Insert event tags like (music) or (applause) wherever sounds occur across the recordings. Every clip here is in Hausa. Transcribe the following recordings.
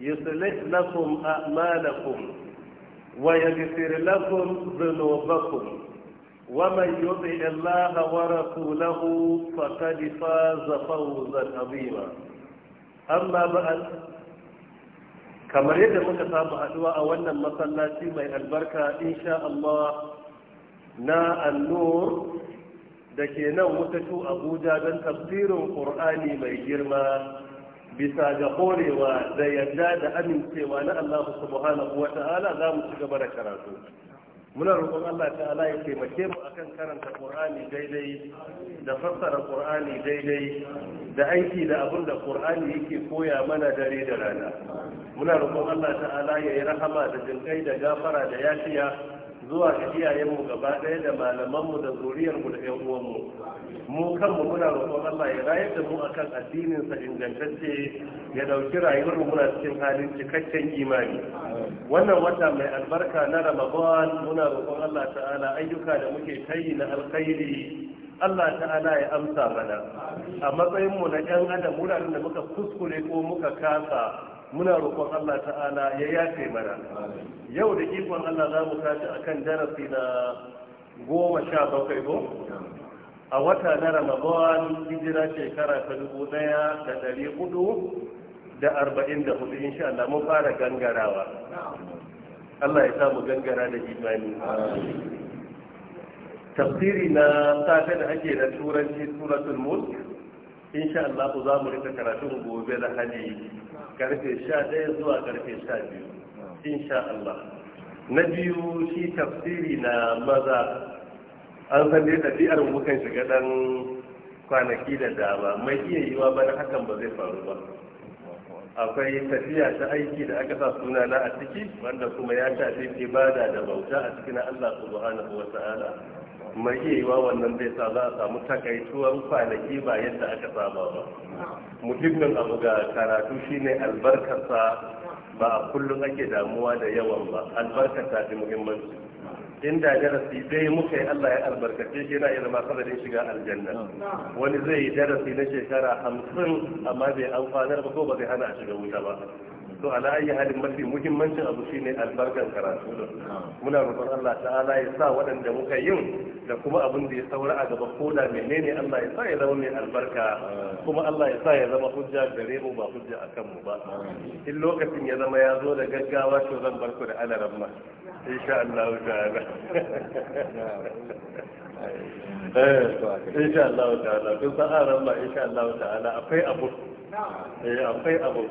يصلح لكم أعمالكم ويغفر لكم ذنوبكم ومن يطع الله ورسوله فقد فاز فوزا عظيما أما بعد kamar yadda muka samu haɗuwa a wannan masallaci mai albarka insha Allah na annur da ke nan wutatu abuja don tafsirin ƙur'ani mai girma bisa ga horewa da yarda da amincewa na Allah subhanahu wa ta'ala za mu ci gaba da karatu muna roƙon Allah ta'ala ya taimake mu akan karanta Qur'ani daidai da fassara Qur'ani daidai da aiki da abin da Qur'ani yake koya mana dare da rana muna roƙon Allah ta'ala ya yi rahama da jinkai da gafara da yafiya zuwa ga iyayenmu gaba ɗaya da malamanmu da zuriyar mu da ƴan uwanmu mu kanmu muna roƙon Allah ya rayar da mu akan addinin sa ingantacce ya dauki rayuwar mu muna cikin halin cikakken imani wannan wata mai albarka na Ramadan muna roƙon Allah ta'ala ayyuka da muke tayi na alkhairi Allah ta'ala ya amsa mana a matsayin mu na 'yan adam wuraren da muka kuskure ko muka kasa muna roƙon Allah ta'ala ya yafe mana yau da ikon Allah za mu tashi akan darasi na goma sha bakwai ko a wata na Ramadan hijira shekara ta dubu ɗaya da ɗari hudu da arba'in da hudu insha Allah mun fara gangarawa Allah ya samu gangara da imani tafsiri na safe da ake da turanci suratul mulk insha Allah za mu rika karatun gobe da hali. karfe sha ɗaya zuwa karfe sha biyu insha Allah na biyu shi tafsiri na maza an san dai ɗabi'ar mukan shiga ɗan kwanaki da dama mai iya yiwa bana hakan ba zai faru ba akwai tafiya ta aiki da aka sa suna na a ciki wanda kuma ya shafi ibada da bauta a cikin Allah subhanahu wa ta'ala mai iya yiwa wannan zai sa za a samu takaituwan kwanaki ba yadda aka saba ba muhimmin abu ga karatu shine albarkarsa ba a kullum ake damuwa da yawan ba albarkarsa fi muhimmanci inda darasi dai muka yi Allah ya albarkace shi yana iya zama shiga aljanna wani zai yi darasi na shekara hamsin amma bai amfanar ba ko ba zai hana a shiga wuta ba to ala ayi halin mafi muhimmancin abu shine albarkan karatu da muna roƙon Allah ta'ala ya sa waɗanda muka yin da kuma abin da ya saura a gaba ko da menene Allah ya sa ya zama mai albarka kuma Allah ya sa ya zama hujja gare mu ba hujja akan mu ba in lokacin ya zama ya zo da gaggawa to zan bar barku da alaran ma insha Allah ta'ala eh, insha Allah ta'ala kun san aran ma insha Allah ta'ala akwai abu eh, akwai abu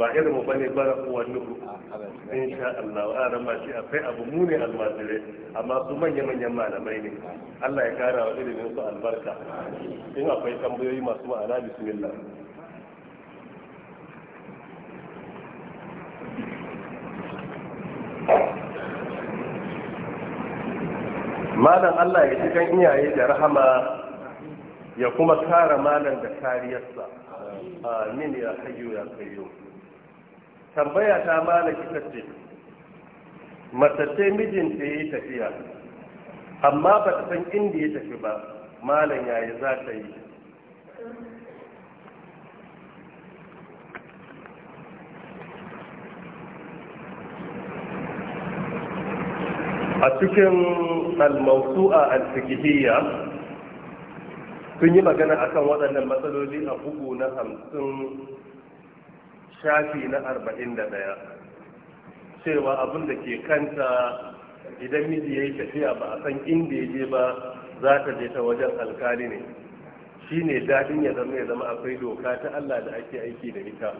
ba irin mu bane bara uwan nuhu sha Allah wa ara ma shi akwai abu mu ne almajirai amma su manya manyan malamai ne Allah ya kara wa ilimin su albarka in akwai tambayoyi masu ma'ana bismillah malam Allah ya cikin iyaye da rahama ya kuma kare malam da kariyarsa amin ya hayyu ya kayyum tambaya ta malaki tace matace mijinta ya yi tafiya amma ba ta san inda ya tafi ba malam yayi za ta yi a cikin al-fiqhiyya sun yi magana akan waɗannan matsaloli a bugu na hamsin shafi na arba'in da ɗaya cewa abin da ke kanta idan miji ya yi tafiya ba a san inda ya je ba za ta je ta wajen alkali ne shi ne daɗin ya zama ya zama akwai doka ta allah da ake aiki da ita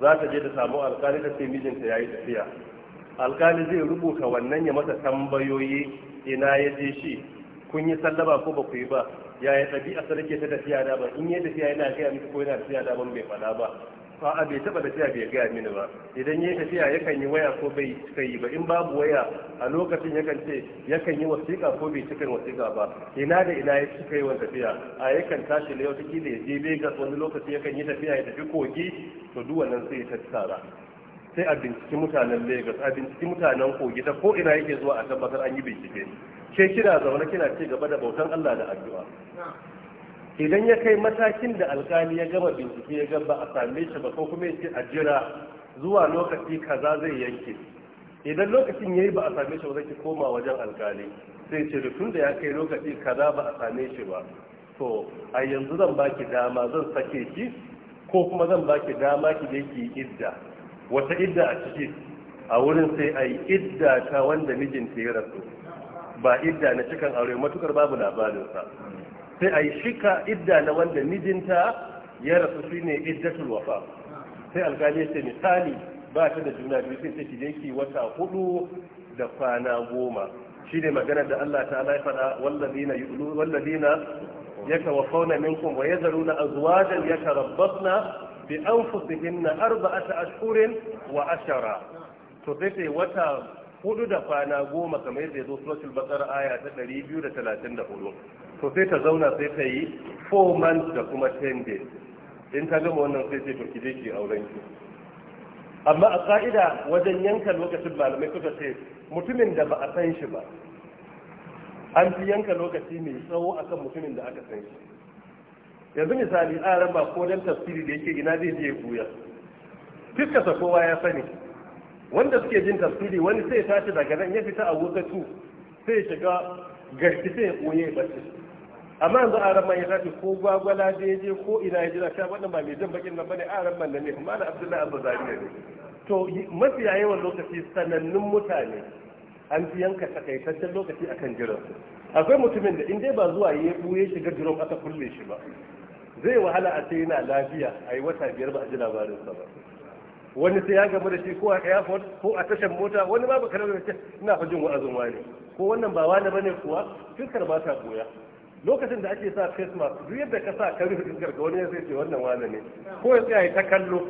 za ta je ta samu alkali ta ce mijinta ya yi tafiya alkali zai rubuta wannan ya masa tambayoyi ina ya je shi kun yi sallaba ko ba ku yi ba yaya ɗabi'a ta sarki ta tafiya da ba in yi tafiya yana a miki ko yana tafiya da ban bai faɗa ba a'a bai taba tafiya bai gaya mini ba idan yayi tafiya yakan yi waya ko bai cika yi ba in babu waya a lokacin yakan ce yakan yi wasiƙa ko bai cika wasiƙa ba ina da ina ya cika yi tafiya a yakan tashi da take da ya je Lagos wani lokaci yakan yi tafiya ya tafi kogi to duk wannan sai ya tara. sai a binciki mutanen Lagos a binciki mutanen kogi ta ko ina yake zuwa a tabbatar an yi bincike ke kina zaune kina ci gaba da bautan Allah da addu'a idan ya kai matakin da alkali ya gama bincike ya gaba a same shi ba ko kuma a jira zuwa lokaci kaza zai yanke idan lokacin yayi ba a same shi ba zai koma wajen alkali sai ce tun da ya kai lokaci kaza ba a same shi ba to a yanzu zan baki dama zan sake ki ko kuma zan baki dama ki je ki idda wata idda a ciki a wurin sai a idda ta wanda mijinta ya rasu ba idda na cikin aure matukar babu labarinsa sai a yi shika idda na wanda mijinta ya rasu shine iddatul wafa sai alkali ya ce misali ba ta da juna biyu sai ta shige ki wata hudu da kwana goma shine magana da Allah ta'ala ya faɗa wallazina yu'lu wallazina yatawaffawna minkum wa yadharuna azwajan yatarabbasna bi anfusihinna arba'ata ashhurin wa ashara to sai wata hudu da kwana goma kamar yadda ya zo suratul bakar aya ta 234 to sai ta zauna sai ta yi 4 months da kuma 10 days in ta gama wannan sai sai turki je ki auren ki amma a ka'ida wajen yanka lokacin malamai suka ce mutumin da ba a san shi ba an fi yanka lokaci mai tsawo akan mutumin da aka san shi yanzu misali a ba ko dan tafsiri da yake ina zai je buya fiskasa kowa ya sani wanda suke jin tafsiri wani sai tashi daga nan ya fita a wutsatu sai shiga garki sai ya koye bacci amma yanzu a ramman ya tashi ko gwagwala da je ko ina ya jira sha wannan ba mai jan bakin nan bane a ramman nan ne kuma na abdullahi Abdullahi ne to mafiya yawan lokaci sanannun mutane an fi yanka takaitaccen lokaci akan jiran akwai mutumin da in dai ba zuwa ya buye shiga jiran aka kulle shi ba zai wahala a ce yana lafiya a yi wata biyar ba a ji labarinsa ba wani sai ya gama da shi ko a airport ko a tashar mota wani babu karar da ina fa jin wa'azin wani ko wannan ba wani bane kuwa fiskar ba ta goya lokacin da ake sa christmas duk yadda ka sa ka rufe fiskar ga wani sai ce wannan wani ne ko ya tsaya ta kallo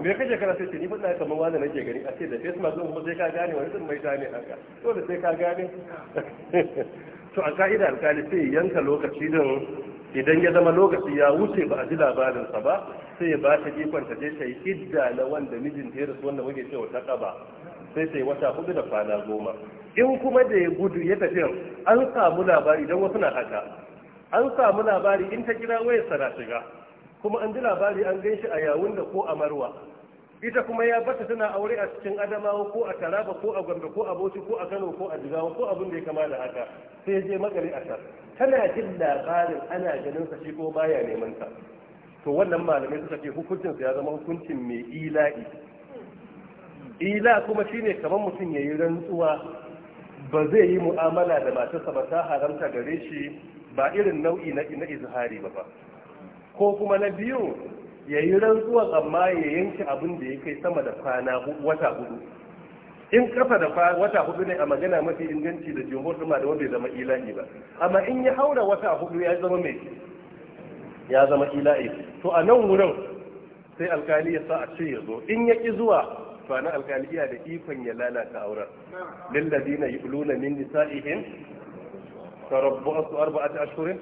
me kake kana sai ce ni fada kamar wani nake gani a ce da christmas mask kuma sai ka gane wani din mai ne haka dole sai ka gane (laughs) to a ka'ida alkali sai yanka lokaci din idan ya zama lokaci ya wuce ba a ji labarinsa ba sai ya ba ta ikon ta je ta yi idda na wanda mijin ta rasu wanda muke cewa ta kaba sai ta yi wata hudu da kwana goma in kuma da ya gudu ya tafi an samu labari idan wasu na haka an samu labari in ta kira wayar sana shiga kuma an ji labari an gan shi a yawun da ko a marwa ita kuma ya bata tana aure a cikin adamawa ko a taraba ko a gombe ko a bauchi ko a kano ko a jigawa ko abin da ya kama da haka sai ya je makari a can tana jin labarin ana ganin sa shi ko baya neman sa to wannan malamai suka ce hukuncin ya zama hukuncin mai ila'i ila kuma shine kamar mutum yayi rantsuwa ba zai yi mu'amala da matarsa ba ta haramta gare shi ba irin nau'i na izhari ba ba ko kuma na biyu yayi rantsuwa amma ya yanke abin da ya kai sama da kwana wata hudu in kasa da wata hudu ne a magana mafi inganci da jumhur da da wanda ya zama ilahi ba amma in ya haura wata hudu ya zama mai ya zama ilahi to a nan wurin sai alkali ya sa a ce ya zo in ya ki zuwa to na alkali ya da ikon ya lalata auren lilladina yuluna min nisa'ihim tarabbu'atu arba'ati ashhurin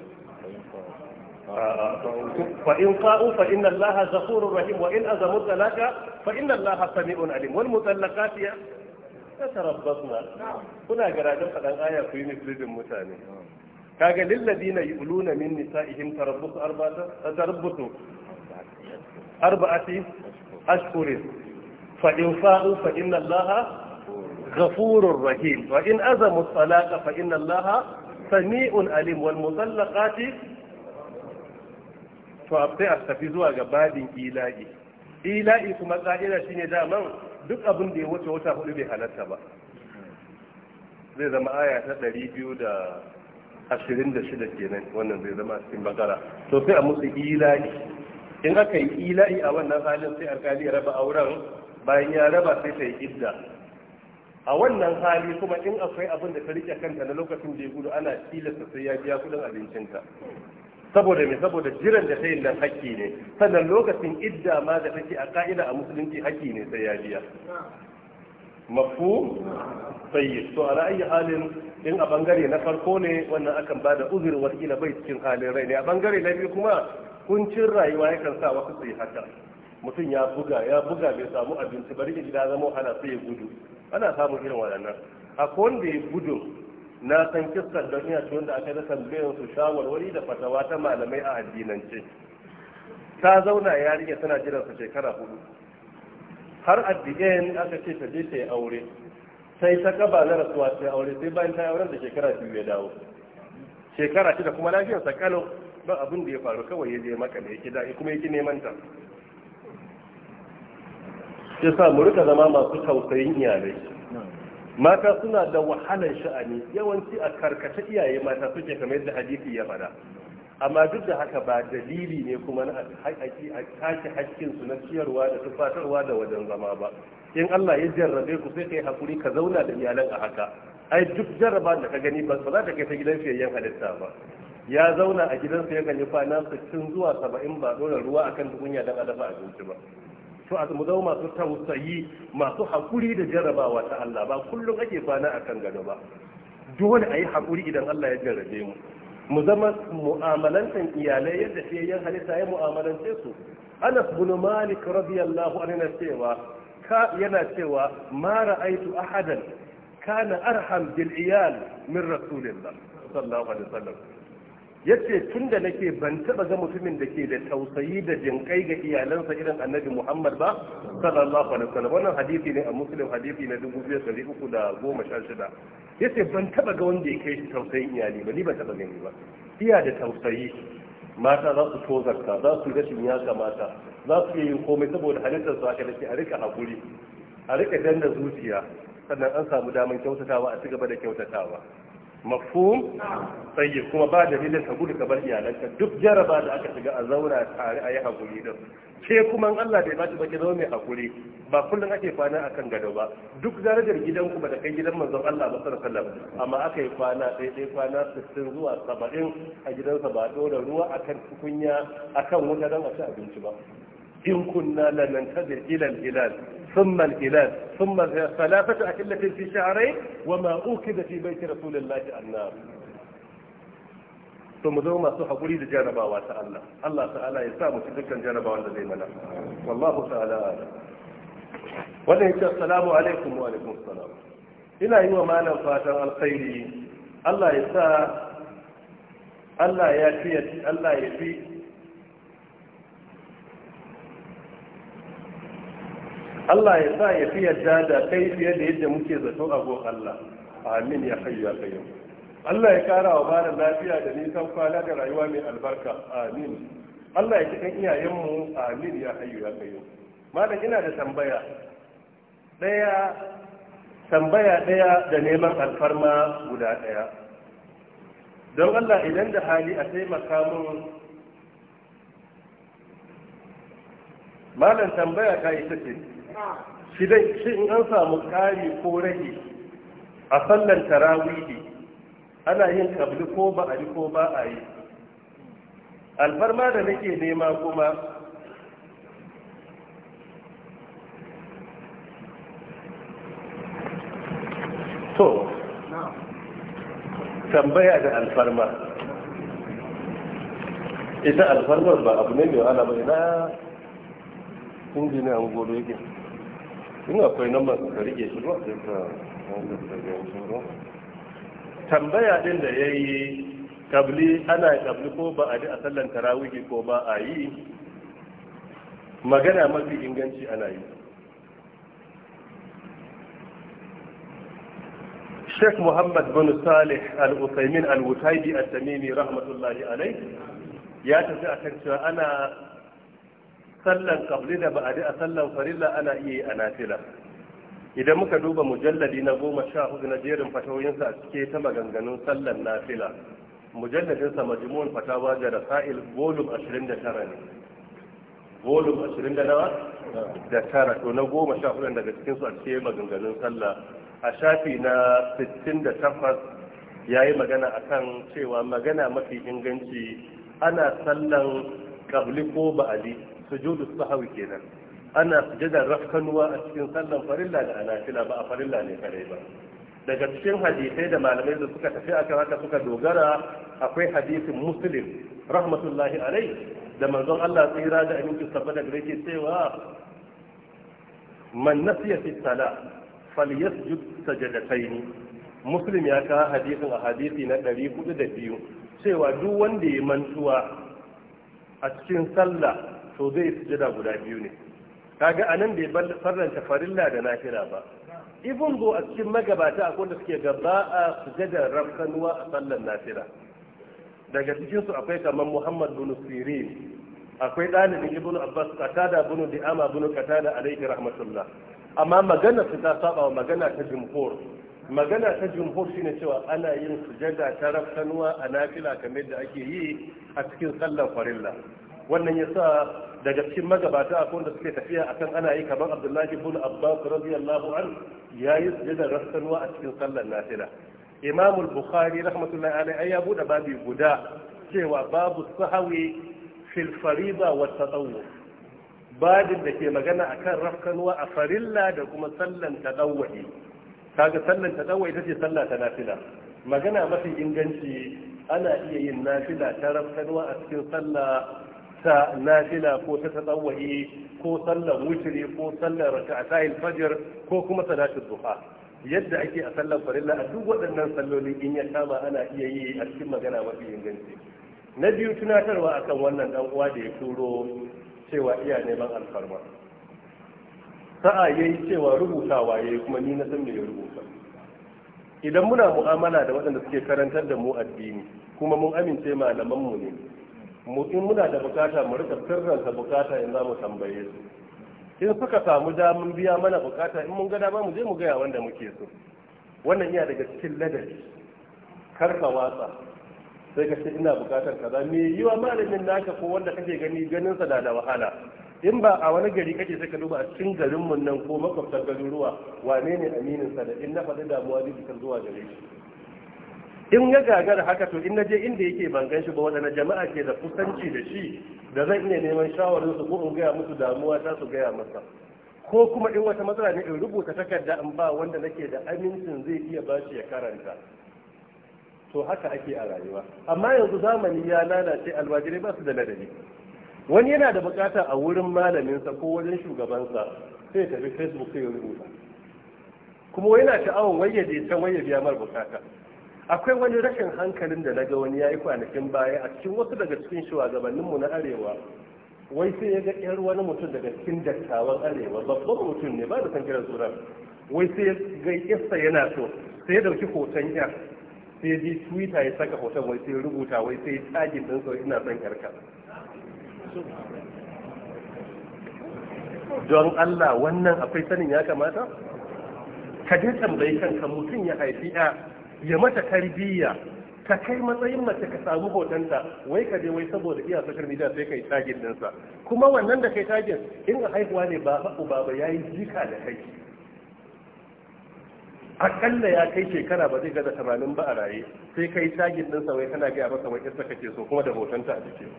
فإن فاءوا فإن الله غفور رحيم وإن أزموا الطلاق فإن الله سميع عليم والمطلقات فتربصنا نعم. هنا قرادم قدان آية كوين فريد المتاني كاقا للذين يؤلون من نسائهم تربصوا أربعة تربصوا أربعة أشهر فإن فاءوا فإن الله غفور رحيم وإن أزموا الصلاة فإن الله سميع أليم والمطلقات فأبطئ استفزوا قبادي إيلائي إيلائي كما قائلة شيني دامان duk abin da ya wuce wata hudu bai halatta ba zai zama aya ta 226 kenan wannan zai zama cikin bakara to sai a musu ila'i in aka yi ila'i a wannan halin sai alkali ya raba auren bayan ya raba sai ta yi idda a wannan hali kuma in akwai abin da ta rike kanta na lokacin da ya gudu ana tilasta sai ya biya kudin abincinta. saboda mai saboda jiran da ta yi nan haƙƙi ne sannan lokacin idda ma da take a ka'ida a musulunci haƙƙi ne sai ya biya mafu sayyid to a ra'ayi halin in a bangare na farko ne wannan akan ba da uzurin watakila bai cikin halin rai ne a bangare na biyu kuma kuncin rayuwa kan sa wasu su yi haka mutum ya buga ya buga bai samu abinci bari gida zama hana sai ya gudu ana samun irin waɗannan a wanda ya gudu na san kiskan don iya ce wanda aka yi tambayar su shawarwari da fatawa ta malamai a addinance ta zauna yarinya tana jiran su shekara hudu har at aka ce ta je ta yi aure sai ta kaba na rasuwa ta aure sai bayan ta yi auren da shekara biyu ya dawo shekara shida kuma lafiyar sa kano ba abin da ya faru kawai ya je maka da yake da kuma yake neman ta sai sa mu rika zama masu tausayin iyalai mata suna da wahalar sha'ani yawanci a karkata iyaye mata suke kamar yadda hadisi ya faɗa amma duk da haka ba dalili ne kuma na haƙaƙi a kashe haƙƙinsu na ciyarwa da tufatarwa da wajen zama ba in Allah ya jarrabe ku sai ka yi hakuri ka zauna da iyalan a haka ai duk jarraba da ka gani ba za ta kai ta gidan fiyayyen halitta ba ya zauna a gidansa yakan yi kwana 60 zuwa saba'in ba ɗora ruwa akan tukunya don adafa abinci ba to a zama masu tausayi masu haƙuri da jarrabawa ta Allah ba kullum ake kwana a kan gado ba dole a yi haƙuri idan Allah ya jarrabe mu mu zama mu'amalantan iyalai yadda fiyayyen halitta ya mu'amalance su Anas bin Malik radiyallahu anhu yana cewa ka yana cewa ma ra'aitu ahadan kana arham bil iyal min rasulillah sallallahu alaihi wasallam ya ce tun da nake ban taba ga mutumin da ke da tausayi da jinkai ga iyalansa irin annabi muhammad ba sallallahu alaihi wasallam wannan hadisi ne a muslim hadisi na dubu biyu uku ya ce ban taɓa ga wanda ya kai shi tausayin iyali ba ni ban taɓa gani ba iya da tausayi mata za su tozarta za su rashin ya kamata za su iya yin komai saboda halittar su aka dace a rika haƙuri a rika danna zuciya sannan an samu damar kyautatawa a ci gaba da kyautatawa mafhum sai kuma ba dalilin ka gudu ka bar iyalanka duk jaraba da aka shiga a zauna tare a yi hakuri din ke kuma Allah bai ba baki zaune zama hakuri ba kullum ake kwana akan gado ba duk darajar gidan ku ba da kai gidan manzon Allah ba sallallahu alaihi amma aka yi kwana ɗaya ɗaya kwana 60 zuwa 70 a gidansa ba dora ruwa akan tukunya akan wuta don a ci abinci ba in kunna lananta tadil ilal ilal ثم الكلاب ثم ثلاثة أكلة في شهرين وما أوكد في بيت رسول الله النار ثم ذو ما صحب وليد لجانبا وتعالى الله تعالى يسامو تلك الجانبا والذي ملا والله تعالى ولهي السلام عليكم وعليكم السلام إلى هو ما نفات الخير الله يسا الله يأتي الله يأتي Allah ya sa ya fi yadda da kai fiye da yadda muke zato a gon Allah amin ya hayyu ya qayyum Allah ya kara wa bada lafiya da nisan kwana da rayuwa mai albarka amin Allah ya cikin iyayenmu amin ya hayyu ya qayyum malam ina da tambaya daya tambaya daya da neman alfarma guda daya don Allah idan da hali a taimaka mun malam tambaya ta ita ce shi dai shi in an samu ƙari ko rage a sallan tarawihi ana yin kabli ko ba a yi ko ba a yi alfarma da nake nema kuma to tambaya da alfarma ita alfarmar ba abu ne mai wahala ba ina injiniyan goro yake in akwai nan ka rike shi ba sai ka wanda ta shi ba tambaya din da ya yi kabli ana kabli ko ba a ji a sallan tarawihi ko ba a yi magana mafi inganci ana yi Sheikh Muhammad bin Salih al uthaymin Al-Wutaibi al tamimi rahmatullahi alayh ya tafi akan cewa ana sallan kabli da ba'adi a sallan farilla ana iya yi a nafila idan muka duba mujalladi na goma sha hudu na jerin fatawoyinsa a cike ta maganganun sallan nafila mujalladinsa Majimun fatawa da rasail volum 29 ne volum 29 da tara to na goma sha hudu daga cikin su a cike maganganun sallah a shafi na 68 yi magana akan cewa magana mafi inganci ana sallan kabli ko ba'adi sujudu sahawi kenan ana sujadar rafkanuwa a cikin sallan farilla da anafila ba a farilla kadai ba daga cikin hadisai da malamai da suka tafi akan haka suka dogara akwai hadisin muslim rahmatullahi alai da manzon Allah tsira da aminci sabba da ke cewa man nasiya fi sala falyasjud sajadataini muslim ya kawo hadisin a hadisi na 402 cewa duk wanda ya mantuwa a cikin sallah to zai sujada guda biyu ne kaga anan bai faranta farilla da nafila ba ibn zo a cikin magabata akwai da suke gaba a sujadar rafkanuwa a sallar nafila daga cikin su akwai kamar muhammad bin sirin akwai ɗalibin ibn abbas qatada bin di'ama bin qatada alaihi rahmatullah amma magana su ta saba wa magana ta jumhur magana ta jumhur shine cewa ana yin sujada ta rafkanuwa a nafila kamar da ake yi a cikin sallar farilla wannan ya sa daga cikin magabata a wanda suke tafiya akan ana yi kamar abdullahi ibn abbas radiyallahu an ya yi sujadar rassanwa a cikin sallar nafila Imamul bukhari rahmatullahi alaihi ai ya bude babi guda cewa babu sahawi fil fariba wa tatawwu babin da ke magana akan rafkanwa a farilla da kuma sallan tadawwi kaga sallan tadawwi ita ce sallah ta nafila magana mafi inganci ana iya yin nafila ta rafkanwa a cikin sallah ta nafila ko ta tsawaye ko sallar wutiri ko sallar raka'atayil fajr ko kuma salatul duha yadda ake a sallar farilla a duk waɗannan salloli in ya kama ana iya yi a cikin magana mafi inganci na biyu tunatarwa akan wannan dan uwa da ya turo cewa iya neman alfarma sa'a yayi cewa rubutawa yayi kuma ni na san me ya idan muna mu'amala da waɗanda suke karantar da mu addini kuma mun amince malaman mu ne mu in muna da bukata mu rika sirranta bukata in za mu tambaye su in suka samu damun biya mana bukata in mun ga dama mu je mu gaya wanda muke so wannan iya daga cikin ladabi karka watsa sai ka ce ina bukatar kaza me yiwa malamin naka ko wanda kake gani ganin sa da wahala in ba a wani gari kake sai ka duba a cikin garin mun nan ko makwabtar garuruwa wane ne aminin sa da in na faɗi damuwa zai fitar zuwa gare shi in ya gagara haka to in je inda yake ban gan shi ba wadana jama'a ke da kusanci da shi da zan iya neman shawarin su ko in gaya musu damuwa ta su gaya masa ko kuma in wata matsala ne in rubuta takarda in ba wanda nake da amincin zai iya shi ya karanta to haka ake a rayuwa amma yanzu zamani ya lalace almajirai ba su da ladabi wani yana da bukata a wurin malaminsa ko wajen shugabansa sai tafi facebook sai ya rubuta kuma yana sha'awar wayyade ta wayya biya mar bukata akwai wani rashin hankalin da na ga wani ya yi kwanakin baya a cikin wasu daga cikin shugabanninmu na arewa wai sai ya ga yar wani mutum daga cikin dattawan arewa babban mutum ne ba da san kiran wai sai ya ga yasta yana so sai ya dauki hoton yar sai ya ji twitter ya saka hoton wai sai ya rubuta wai sai ya tagin din ina son yarka don Allah wannan akwai sanin ya kamata ka je tambayi kanka mutum ya haifi ya ya mata tarbiyya ka kai matsayin mace ka samu hotonta wai ka je wai saboda iya social media sai kai tagin dinsa kuma wannan da kai tagin in haihuwa ne ba uba ba yayi jika da kai akalla ya kai shekara ba zai gaza tamanin ba a raye sai kai tagin dinsa wai kana gaya masa wai ka kake so kuma da hotonta a cikin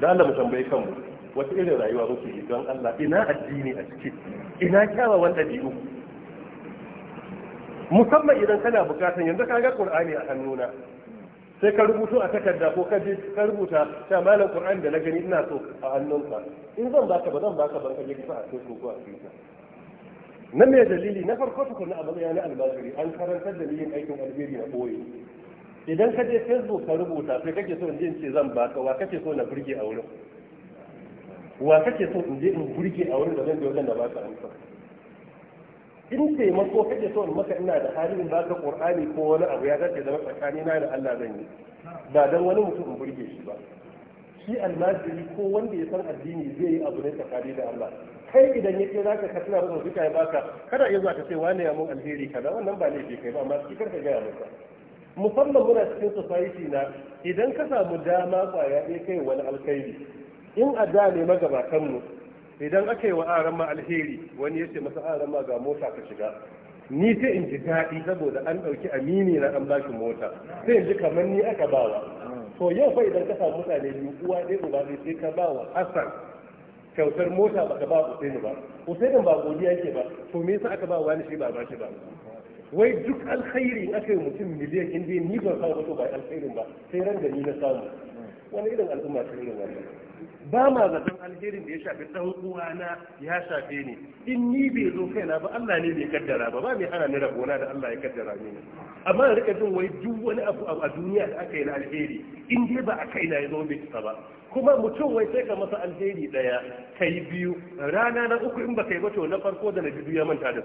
da Allah mu tambaye kanmu wata irin rayuwa muke yi don Allah ina addini a cikin, ina kyawawan ɗabi'u musamman idan kana bukatan yanzu ka ga qur'ani a hannuna sai ka rubuto a takarda ko ka ka rubuta ta malam qur'ani da na gani ina so a hannunka in zan baka ba zan baka ba ka je ka a ko a fita. na me dalili na farko na a ya na almajiri an karantar da yin aikin alheri na boye idan ka je facebook ka rubuta sai kake so in in ce zan baka wa kake so na burge a wurin wa kake so in je in burge a wurin da zan je wajen da baka amsa in taimako kake so in maka ina da hali in baka qur'ani ko wani abu ya dace da tsakani na da Allah zan yi ba dan wani mutum in burge shi ba shi almajiri ko wanda ya san addini zai yi abu ne tsakani da Allah kai idan ya ce zaka ka tuna masa zuka ya baka kada ya zaka ce wani ya mun alheri kaza wannan ba ne kai ba amma shi karka ga musamman muna cikin society na idan ka samu dama kwaya ɗaya kai wani alkhairi in a da ne magabatanmu idan aka yi wa arama alheri wani ya ce masa arama ga mota ka shiga ni sai in ji daɗi saboda an ɗauki amini na an bashi mota sai in ji kamar ni aka bawa to yau fa idan ka samu mutane biyu uwa ɗaya uba ɗaya sai ka bawa Hassan kyautar mota baka ba Usainu ba Usainu ba godiya ke ba to me yasa aka ba wani shi ba ba shi ba wai duk alkhairi in aka yi mutum miliyan in dai ni ban samu to ba alkhairin ba sai ran da ni na samu wani irin al'umma ta irin wannan ba ma zaton alherin da ya shafi ɗan uwana ya shafe ni in ni bai zo kaina ba Allah ne bai kaddara ba ba mai hana ni rabona da Allah ya kaddara mini amma in rika jin wai duk wani abu a duniya da aka yi na alheri in dai ba a kaina ya zo bai ba kuma mutum wai sai ka masa alheri daya kai biyu rana na uku in ba kai ba to na farko da na biyu ya manta da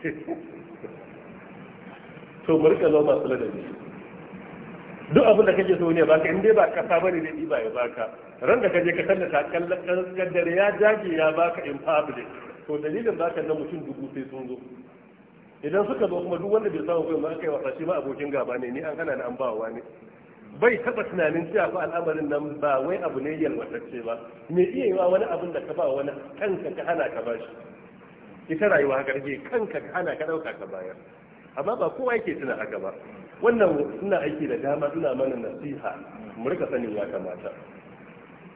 su (laughs) to mu rika zo masu ladabi duk abin da kake so ne baka in dai ba kasa bane ne ba ya baka ran da kaje ka ta kallon kaddare ya jage ya baka in public to dalilin baka na mutum dubu sai sun zo idan suka zo kuma duk wanda bai samu kai ma kai wasa shi ma abokin gaba ne ni an hana ni an wa ne bai taba tunanin cewa fa al'amarin nan ba wai abu ne yalwatacce ba me iya wa wani abin da ka ba wani kanka ka hana ka bashi ita rayuwa haka kanka ka hana ka dauka ka bayar amma ba kowa yake tuna haka ba wannan suna aiki da dama suna mana nasiha mu rika sanin ya kamata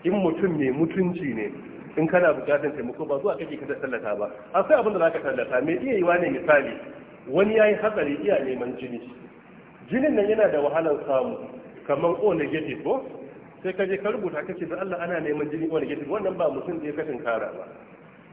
in mutum mai mutunci ne in kana bukatar taimako ba zuwa kake ka tallata ba akwai abin da zaka tallata me iya yiwa ne misali wani yayi hatsari iya neman jini jinin nan yana da wahalar samu kamar o negative ko sai ka je ka rubuta kace da Allah ana neman jini o negative wannan ba mutum da ya kashin kara ba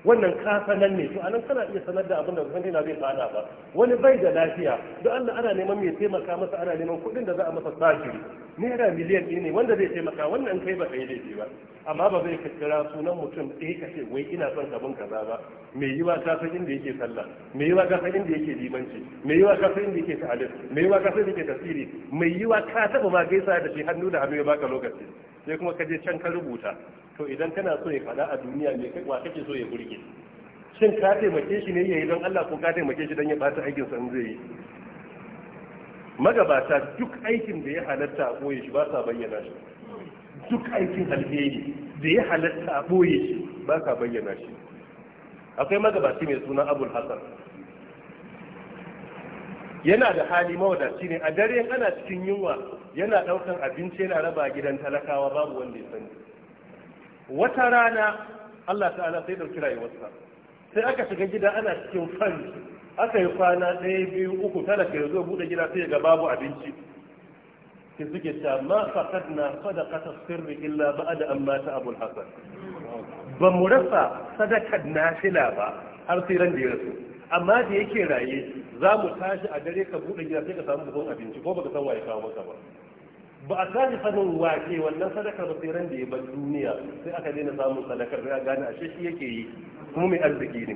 wannan kafa nan ne to anan kana iya sanar da abin da kusan na bai fada ba wani bai da lafiya don Allah ana neman mai taimaka masa ana neman kuɗin da za a masa sajiri naira miliyan ɗaya ne wanda zai taimaka wannan kai ba kai laifi ba amma ba zai kira sunan mutum ɗaya ka ce wai ina son abin kaza ba mai yiwa ka san inda yake sallah mai yiwa ka san inda yake limanci mai yiwa ka san inda yake ta'alif mai yiwa ka san inda yake tafsiri mai yiwa ka taba ma gaisa da shi hannu da hannu ya baka lokaci sai kuma ka je can ka rubuta to idan kana so ya faɗa a duniya me kai wa kake so ya burge shin ka taimake shi ne yayi don Allah ko ka taimake shi don ya bata aikin sa zai yi magabata duk aikin da ya halatta a boye shi ba sa bayyana shi duk aikin alheri da ya halatta a boye shi ba sa bayyana shi akwai magabaci mai suna abul hasan yana da hali mawadaci ne a dare ana cikin yunwa yana ɗaukan abinci yana raba gidan talakawa babu wanda ya sani wata rana Allah ta'ala sai dauki rayuwarsa sai aka shiga gida ana cikin fan aka yi kwana ɗaya biyu uku talaka ya zo buɗe gida sai ga babu abinci sai suke ta ma faqadna ta sirri illa ba'da an mata abul hasan ba mu rasa na nafila ba har sai ran da ya rasu amma da yake raye za mu tashi a dare ka buɗe gida sai ka samu buhun abinci ko baka san waye kawo maka ba ba a tashi sanin wake wannan sadakar basiran da ya bar duniya sai aka daina samun sadakar da a gane a shi yake yi kuma mai arziki ne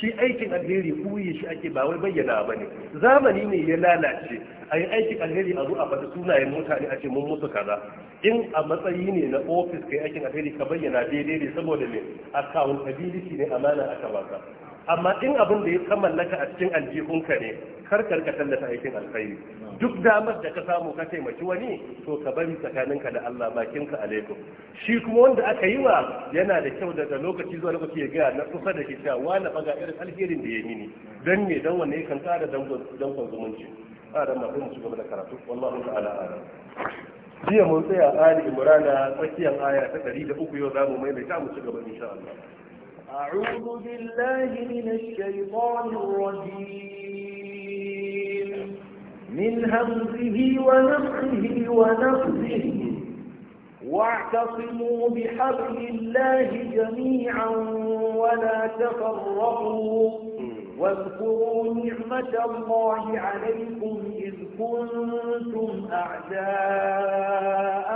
shi aikin alheri kuyi shi ake ba wai bayyana ba ne zamani ne ya lalace a yi aikin alheri a zo a faɗi sunayen mutane a ce mun musu kaza in a matsayi ne na ofis kai aikin alheri ka bayyana daidai ne saboda me accountability ne amana aka baka amma in abin da ya ka a cikin aljihunka ne Karkar ka rika tallata aikin alkhairi duk damar da ka samu ka taimaki wani to ka bari tsakaninka da Allah bakinka alaikum shi kuma wanda aka yi wa yana da kyau daga lokaci zuwa lokaci ya gaya na kusa da shi cewa wani faga irin alherin da ya yi ni. dan ne dan wanne kan tsara dankon zumunci a ran mafi mu gaba da karatu wallahu ta'ala a'lam jiya mun tsaya ali imrana tsakiyar aya ta 103 yau zamu maimaita mu ci gaba insha Allah أعوذ بالله من الشيطان الرجيم من همزه ونفسه ونفسه واعتصموا بحبل الله جميعا ولا تفرقوا واذكروا نعمة الله عليكم إذ كنتم أعداء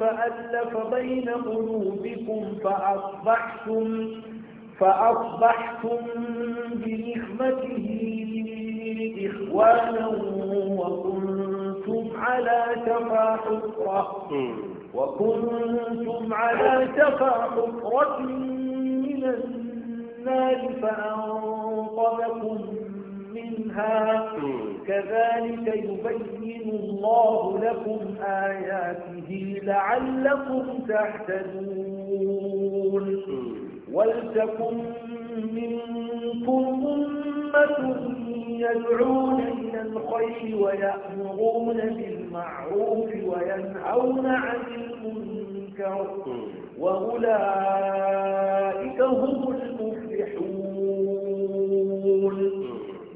فألف بين قلوبكم فأصبحتم فأصبحتم بنعمته إخوانا وكنتم على شفا حفرة وكنتم على حفرة من النار فأنقذكم منها كذلك يبين الله لكم آياته لعلكم تحتدون ولتكن منكم أمة يدعون إلى الخير ويأمرون بالمعروف وينهون عن المنكر وأولئك هم المفلحون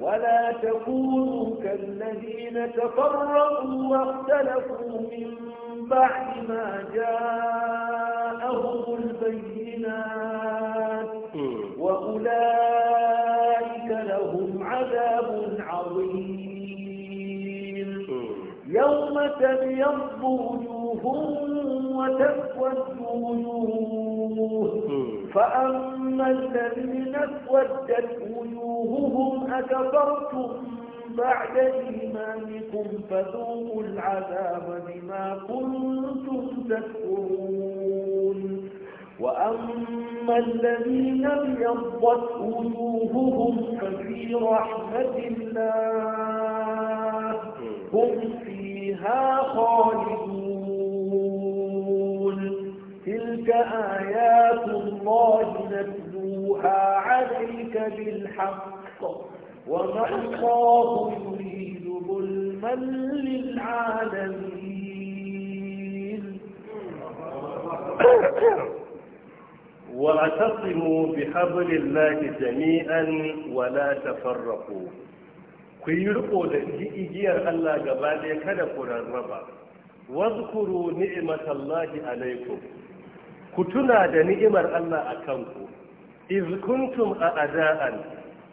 ولا تكونوا كالذين تفرقوا واختلفوا من بعد ما جاءهم البينات وأولئك لهم عذاب عظيم يوم تبيض وجوه وتسود وجوه فأما الذين اسودت وجوههم أكفرتم بعد إيمانكم فذوقوا العذاب بما كنتم تكفرون وأما الذين ابيضت وجوههم ففي رحمة الله هم فيها خالدون تلك آيات الله نتلوها عليك بالحق وما الله يريد ظلما للعالمين (coughs) Wa واعتصموا بحبل jami'an جميعا ولا تفرقوا ku yi riko da igiyar Allah gaba ɗaya kada ku rarraba wazkuru ni'matallahi alaikum ku tuna da ni'imar Allah a kanku iz kuntum a ada'an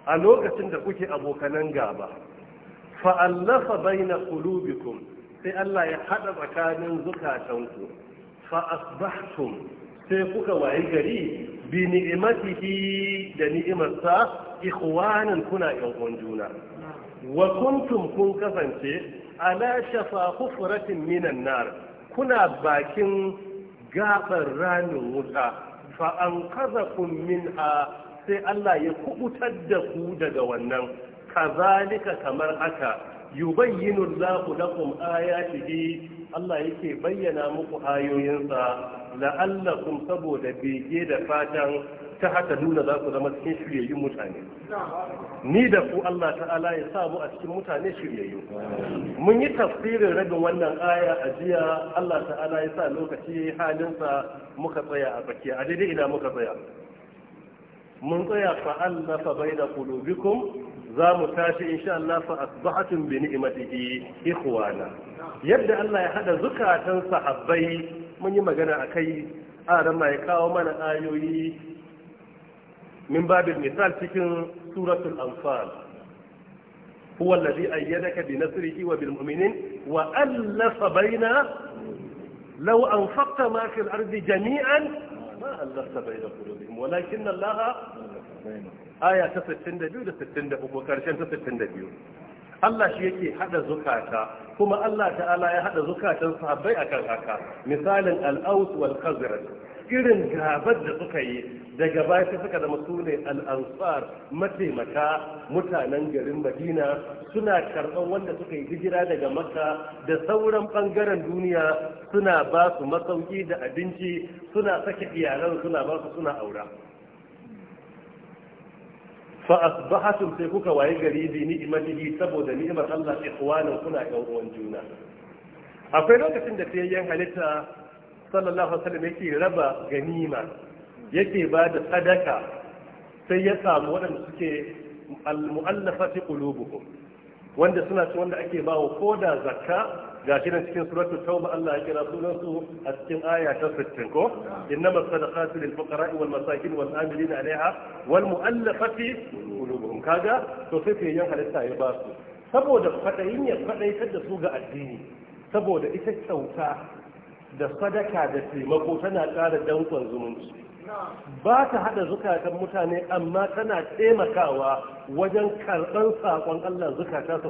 a lokacin da kuke abokanan gaba fa allafa baina qulubikum sai Allah ya haɗa tsakanin zukatanku fa asbahtum sai kuka wayi gari bi ni'imatihi da ni'imarsa ikhwanan kuna yan uwan juna wa kuntum kun kasance ala shafa hufratin minan nar kuna bakin gabar ranin wuta fa an kazakum minha sai Allah ya kubutar da ku daga wannan kazalika kamar haka yubayyinu Allahu lakum ayatihi Allah yake bayyana muku ayoyinsa la'allakum saboda bege da fatan ta haka nuna za ku zama cikin shiryayyun mutane ni da ku Allah ta'ala ya sa mu a cikin mutane shiryayyu mun yi tafsirin rabin wannan aya a jiya Allah ta'ala ya sa lokaci halinsa muka tsaya a tsakiya a daidai ina muka tsaya mun tsaya fa'allafa baina qulubikum za mu tashi insha Allah fa asbahatum bi ni'matihi ikhwana yadda Allah ya hada zukatan sahabbai mun yi magana akai aran ma ya kawo mana ayoyi min babin misal cikin suratul anfal huwa alladhi ayyadaka bi nasrihi wa bil mu'minin wa allafa baina law anfaqta ma fil ardi jami'an ma allafta baina qulubihim walakin Allah aya ta 62 da 63 karshen ta 62 Allah shi yake hada zukata kuma Allah ta'ala ya hada zukatan sahabbai akan haka misalin al-aus wal khazraj irin gabar da suka yi daga baya sai suka zama su ne al mataimaka mutanen garin Madina suna karban wanda suka yi hijira daga Makka da sauran ɓangaren duniya suna ba su masauki da abinci suna saki iyalan suna ba su suna aura fa asbahatum sai kuka waye gari bi ni'matihi saboda ni'imar Allah ikhwana kuna ga uwan juna akwai lokacin da fiyayyen halitta sallallahu alaihi wasallam yake raba ganima yake ba da sadaka sai ya samu waɗanda suke al-mu'allafati qulubuhum wanda suna ci wanda ake bawa koda zakka ga shi nan cikin suratul tauba Allah ya kira sunan a cikin aya ta 60 ko innamas sadaqatu lil fuqara'i wal masakin wal amilina 'alayha wal mu'allafati qulubuhum kaga to sai yan halitta ya ba su saboda fadayin ya fadaitar da su ga addini saboda ita kyauta da sadaka da taimako tana ƙara dankon zumunci ba ta haɗa zukatan mutane amma tana taimakawa wajen karɓar saƙon Allah zukata su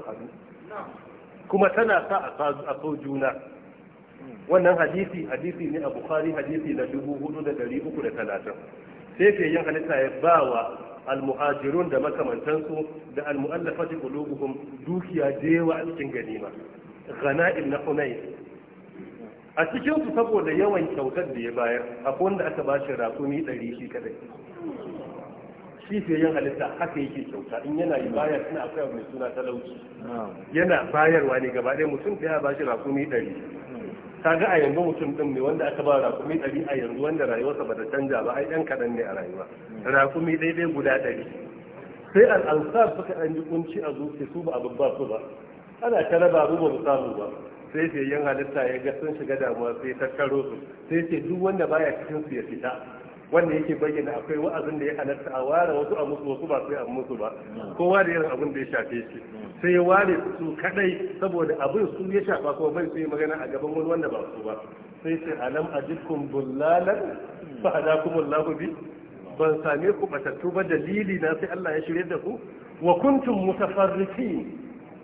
kuma tana sa a so juna wannan hadisi hadisi ne a bukhari hadisi na talatin, sai ke yin halitta ya ba wa almuhajirun da makamantansu da almu'allafati qulubuhum dukiya da a cikin ganima ghana'im na hunay a cikin su saboda yawan kyautar da ya bayar akwai wanda aka bashi rakumi 100 shi kadai shi halitta haka yake kyauta in yana yi baya suna akwai abu mai suna talauci yana bayarwa ne gaba ɗaya mutum ɗaya ba shi rakumi ɗari ga a yanzu mutum ɗin ne wanda aka ba rakumi ɗari a yanzu wanda rayuwarsa ba ta canja ba ai ɗan kaɗan ne a rayuwa rakumi ɗaiɗai guda ɗari sai al'ansar suka ɗan yi kunci a zuci su ba abin ba su ba ana ta raba mu ba samu ba sai sai yan halitta ya ga sun shiga damuwa sai ta karo su sai sai duk wanda baya cikin su ya fita wanda yake bayyana akwai wa'azin da ya halatta a ware wasu a musu wasu ba sai a musu ba kowa da irin abin da ya shafe shi sai ya ware su kadai saboda abin su ya shafa kuma bai sai magana a gaban wani wanda ba su ba sai sai alam jikun bullalan fa hadakum Allahu bi ban same ku batattu ba dalili na sai Allah ya shirya da ku wa kuntum mutafarriqin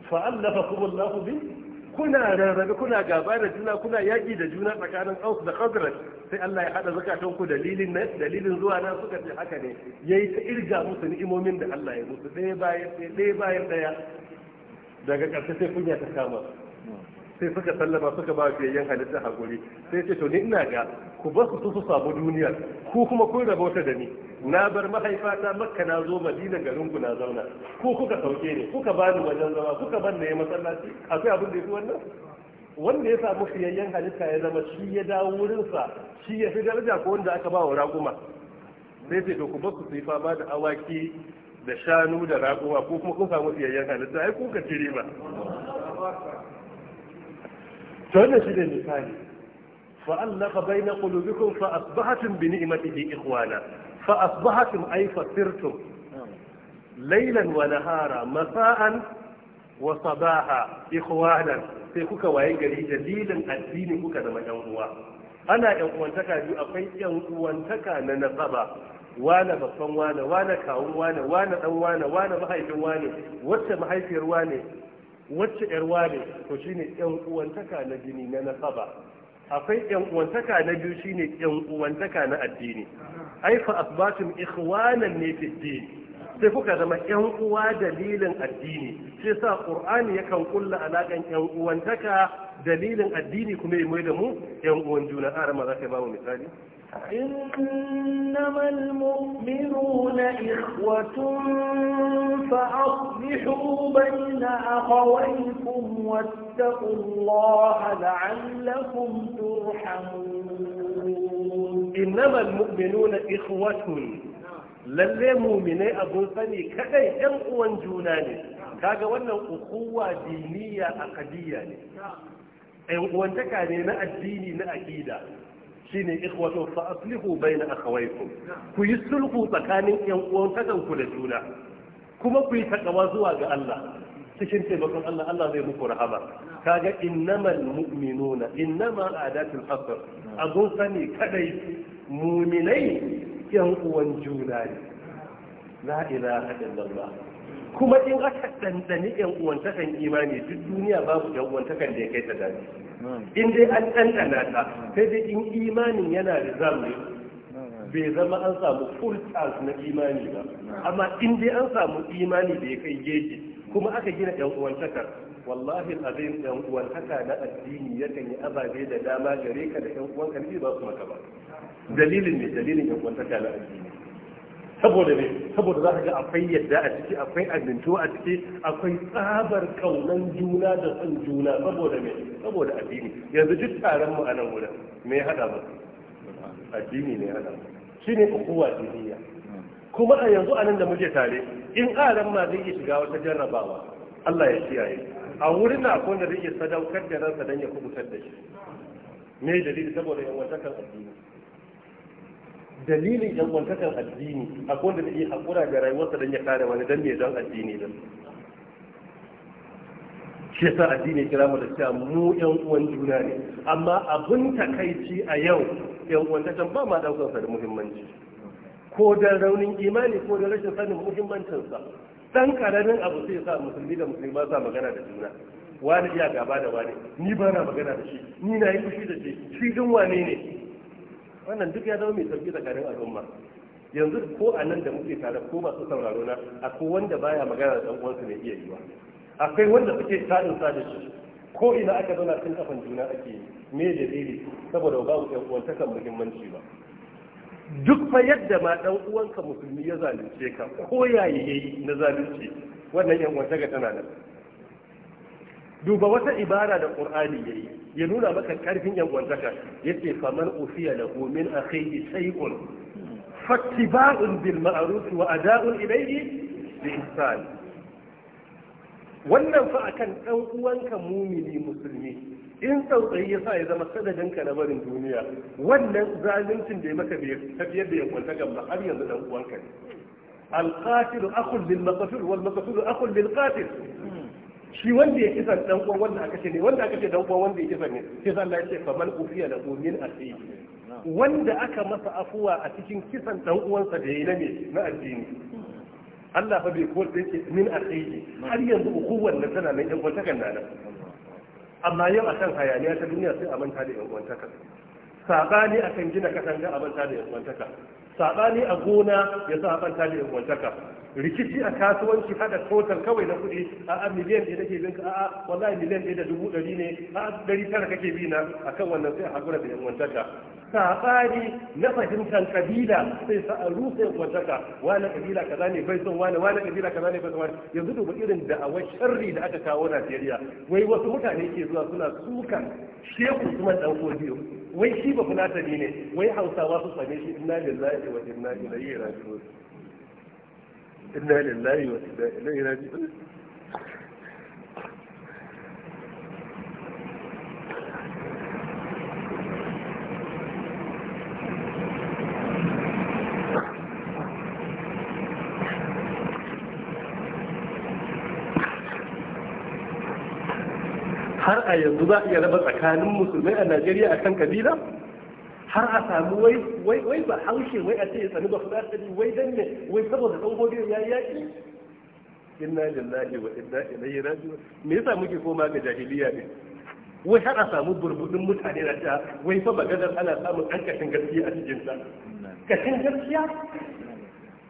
fa allafakum kumun bi kuna rarrabe kuna gaba da juna kuna yaƙi da juna tsakanin aus da khazraj sai Allah ya hada zakatun ku dalilin na dalilin zuwa na suka ce haka ne yayi ta irga musu ni'imomin da Allah ya musu ɗaya bayan ɗaya bayan ɗaya daga ƙarshe sai kunya ta kama sai suka sallama suka ba biyayyen halitta hakuri sai ce to ni ina ga ku ba su su samu duniya ku kuma kun wata da ni na bar mahaifata makka na zo madina garin ku na zauna ku kuka sauke ne kuka ba ni wajen zama kuka ban ne masallaci akwai abin da yafi wannan wanda ya samu fiyayyen halitta ya zama shi ya dawo wurinsa shi ya fi daraja ko wanda aka ba wa raguma. sai ce to ku ba su su yi fama da awaki da shanu da raguma, ko kuma kun samu fiyayyen halitta ai kuka ci ba to wannan shi ne misali fa'allaka baina qulubikum fa asbahatum bi ni'matihi ikhwana fa asbahatum Aifa, fasirtum Lailan wa nahara masa'an wa sabaha ikhwanan sai kuka waye gari dalilin addini kuka zama yan uwa ana yan uwantaka biyu akwai yan uwantaka na nasaba wane babban wane wane kawun wane wane dan wane wane mahaifin wane wacce mahaifiyar wane wacce yarwa ne to shine yan uwantaka na jini na nasaba akwai yan uwantaka na biyu shine yan uwantaka na addini ai fa asbatum ikhwanan ne fi din sai kuka zama yan uwa dalilin addini Sai sa qur'ani yakan kulla alakan yan uwantaka dalilin addini kuma ya mai da mu yan uwan juna a rama za ka ba mu misali إنما المؤمنون إخوة فأصلحوا بين أخويكم واتقوا الله لعلكم ترحمون إنما المؤمنون إخوة للي مؤمني أقول فني كأي أنقوا جوناني كاقا وانا أخوة دينية أقدية أنقوا انتكا لنا الديني لأكيدة shine ikhwatu fa aslihu baina akhawaykum ku yi sulhu tsakanin yan uwantakan da juna kuma ku yi takawa zuwa ga Allah cikin taimakon Allah Allah zai muku rahama kaga innamal mu'minuna innama adatul hasr abun sani kadai mu'minai yan uwan juna ne la ilaha illallah kuma in aka dandani yan uwantakan imani duk duniya babu yan takan da ya kai ta dadi in dai an ɗanɗana ta sai dai in imanin yana da zamani bai zama an samu full chance na imani ba amma in dai an samu imani da ya kai geji kuma aka gina ɗan uwantakar wallahi azim yan uwantaka na addini yakan yi ababe da dama gare ka da ɗan uwanka ne ba su maka ba dalilin ne dalilin ɗan uwantaka na addini saboda ne saboda za ka ga akwai yadda a ciki akwai amintuwa a ciki akwai tsabar kaunan juna da son juna saboda ne saboda addini yanzu duk taron mu a nan wurin me ya hada ba? addini ne hada ne kuwa duniya kuma a yanzu anan da muke tare in aran ma zai shiga wata jarrabawa Allah ya kiyaye a wurin na akwai da zai sadaukar da ransa dan ya kubutar da shi me dalili saboda yan wata kan addini dalilin yan addini, addini akwai wanda iya haƙura da rayuwarsa don ya kare wani don me don addini don shi yasa addini kira mu da cewa mu yan uwan juna ne amma abun takaici a yau yan uwan ba ma daukar sa da muhimmanci ko da raunin imani ko da rashin sanin muhimmancin sa dan karamin abu sai sa musulmi da musulma sa magana da juna wani iya gaba da wani ni ba na magana da shi ni na yi fushi da shi shi dun wane ne wannan duk ya zama mai sauki tsakanin al'umma yanzu ko a nan da muke tare ko masu sauraro na akwai wanda baya magana da ɗan mai iya yiwa akwai wanda suke tsarin sa da shi ko ina aka zauna sun kafan juna ake me da dalili saboda ba mu ɗan kan muhimmanci ba duk fa yadda ma ɗan uwanka musulmi ya zalunce ka ko yayi yayi na zalunce wannan yan ga tana nan duba wata ibara da qur'ani yayi ya nuna maka karfin yan wantaka yace faman ufiya lahu min akhihi shay'un fattiba'un bil ma'ruf wa ada'un ilayhi bi ihsan wannan fa akan dan uwanka mumini musulmi in tsautsayi ya sa ya zama ka na barin duniya wannan zaluncin da ya maka bai tafiyar da yankwantakan ba har yanzu dan uwanka ne القاتل أخ للمقتول والمقتول أخ للقاتل shi wanda ya kisan dan uwan wanda aka ce ne wanda aka ce dan uwan wanda ya kisan ne sai Allah ya ce faman ufiya da min asiyi wanda aka masa afuwa a cikin kisan dan uwansa da yayi na me na addini Allah fa bai kowace ce min asiyi har yanzu ukuwan nan tana nan yan uwantakan nan amma yau akan hayaniya ta duniya sai a manta da yan uwantaka sabani akan gina katanga a manta da yan uwantaka sabani a gona ya sa a manta da yan uwantaka rikici a kasuwanci hada total kawai na kuɗi a a miliyan ɗaya nake binka a wallahi miliyan ɗaya da dubu ɗari ne a ɗari tara kake bi na A kan wannan sai a hakura da yanwantaka saɓani na fahimtar kabila sai sa a rusa yanwantaka wani kabila kaza ne bai son wani wani kabila kaza ne bai son wani yanzu duba irin da'awar sharri da aka kawo Najeriya wai wasu mutane ke zuwa suna sukan shehu kuma dan biyu? wai shi ba fulatani ne wai hausawa su same shi inna lillahi wa inna ilaihi raji'un إنا لله وإنا إليه راجعون har a yanzu za a iya raba tsakanin musulmai a najeriya akan kabila har a samu wai wai wai ba haushe wai a ce ya tsani ba kuma tsani wai dan ne wai saboda dan hodiyo ya yi yaki inna lillahi wa inna ilaihi raji'un me yasa muke koma ga jahiliya ne wai har a samu burbudin mutane na ta wai fa maganar ana samun ɗan kashin gaskiya a cikin sa kashin gaskiya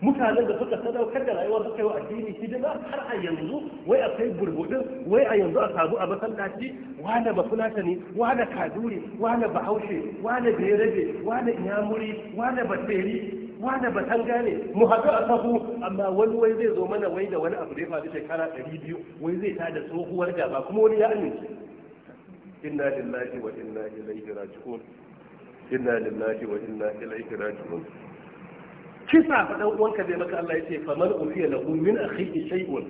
mutanen da suka sadaukar da rayuwar suka yi wa addini da har a yanzu wai a kai burbudin wai a yanzu a sabu a masallaci wane ba fulata ne wane kaduri wane bahaushe wane berebe wane inyamuri wane tsere wane batanga ne mu haɗu a sahu amma wani wai zai zo mana wai da wani abu da ya faru shekara ɗari biyu wai zai tada tsohuwar gaba kuma wani ya amince inna lillahi wa inna ilaihi raji'un inna lillahi wa inna ilaihi raji'un kisa fa dan uwanka zai maka Allah yace faman ufiya lahu min akhihi shay'un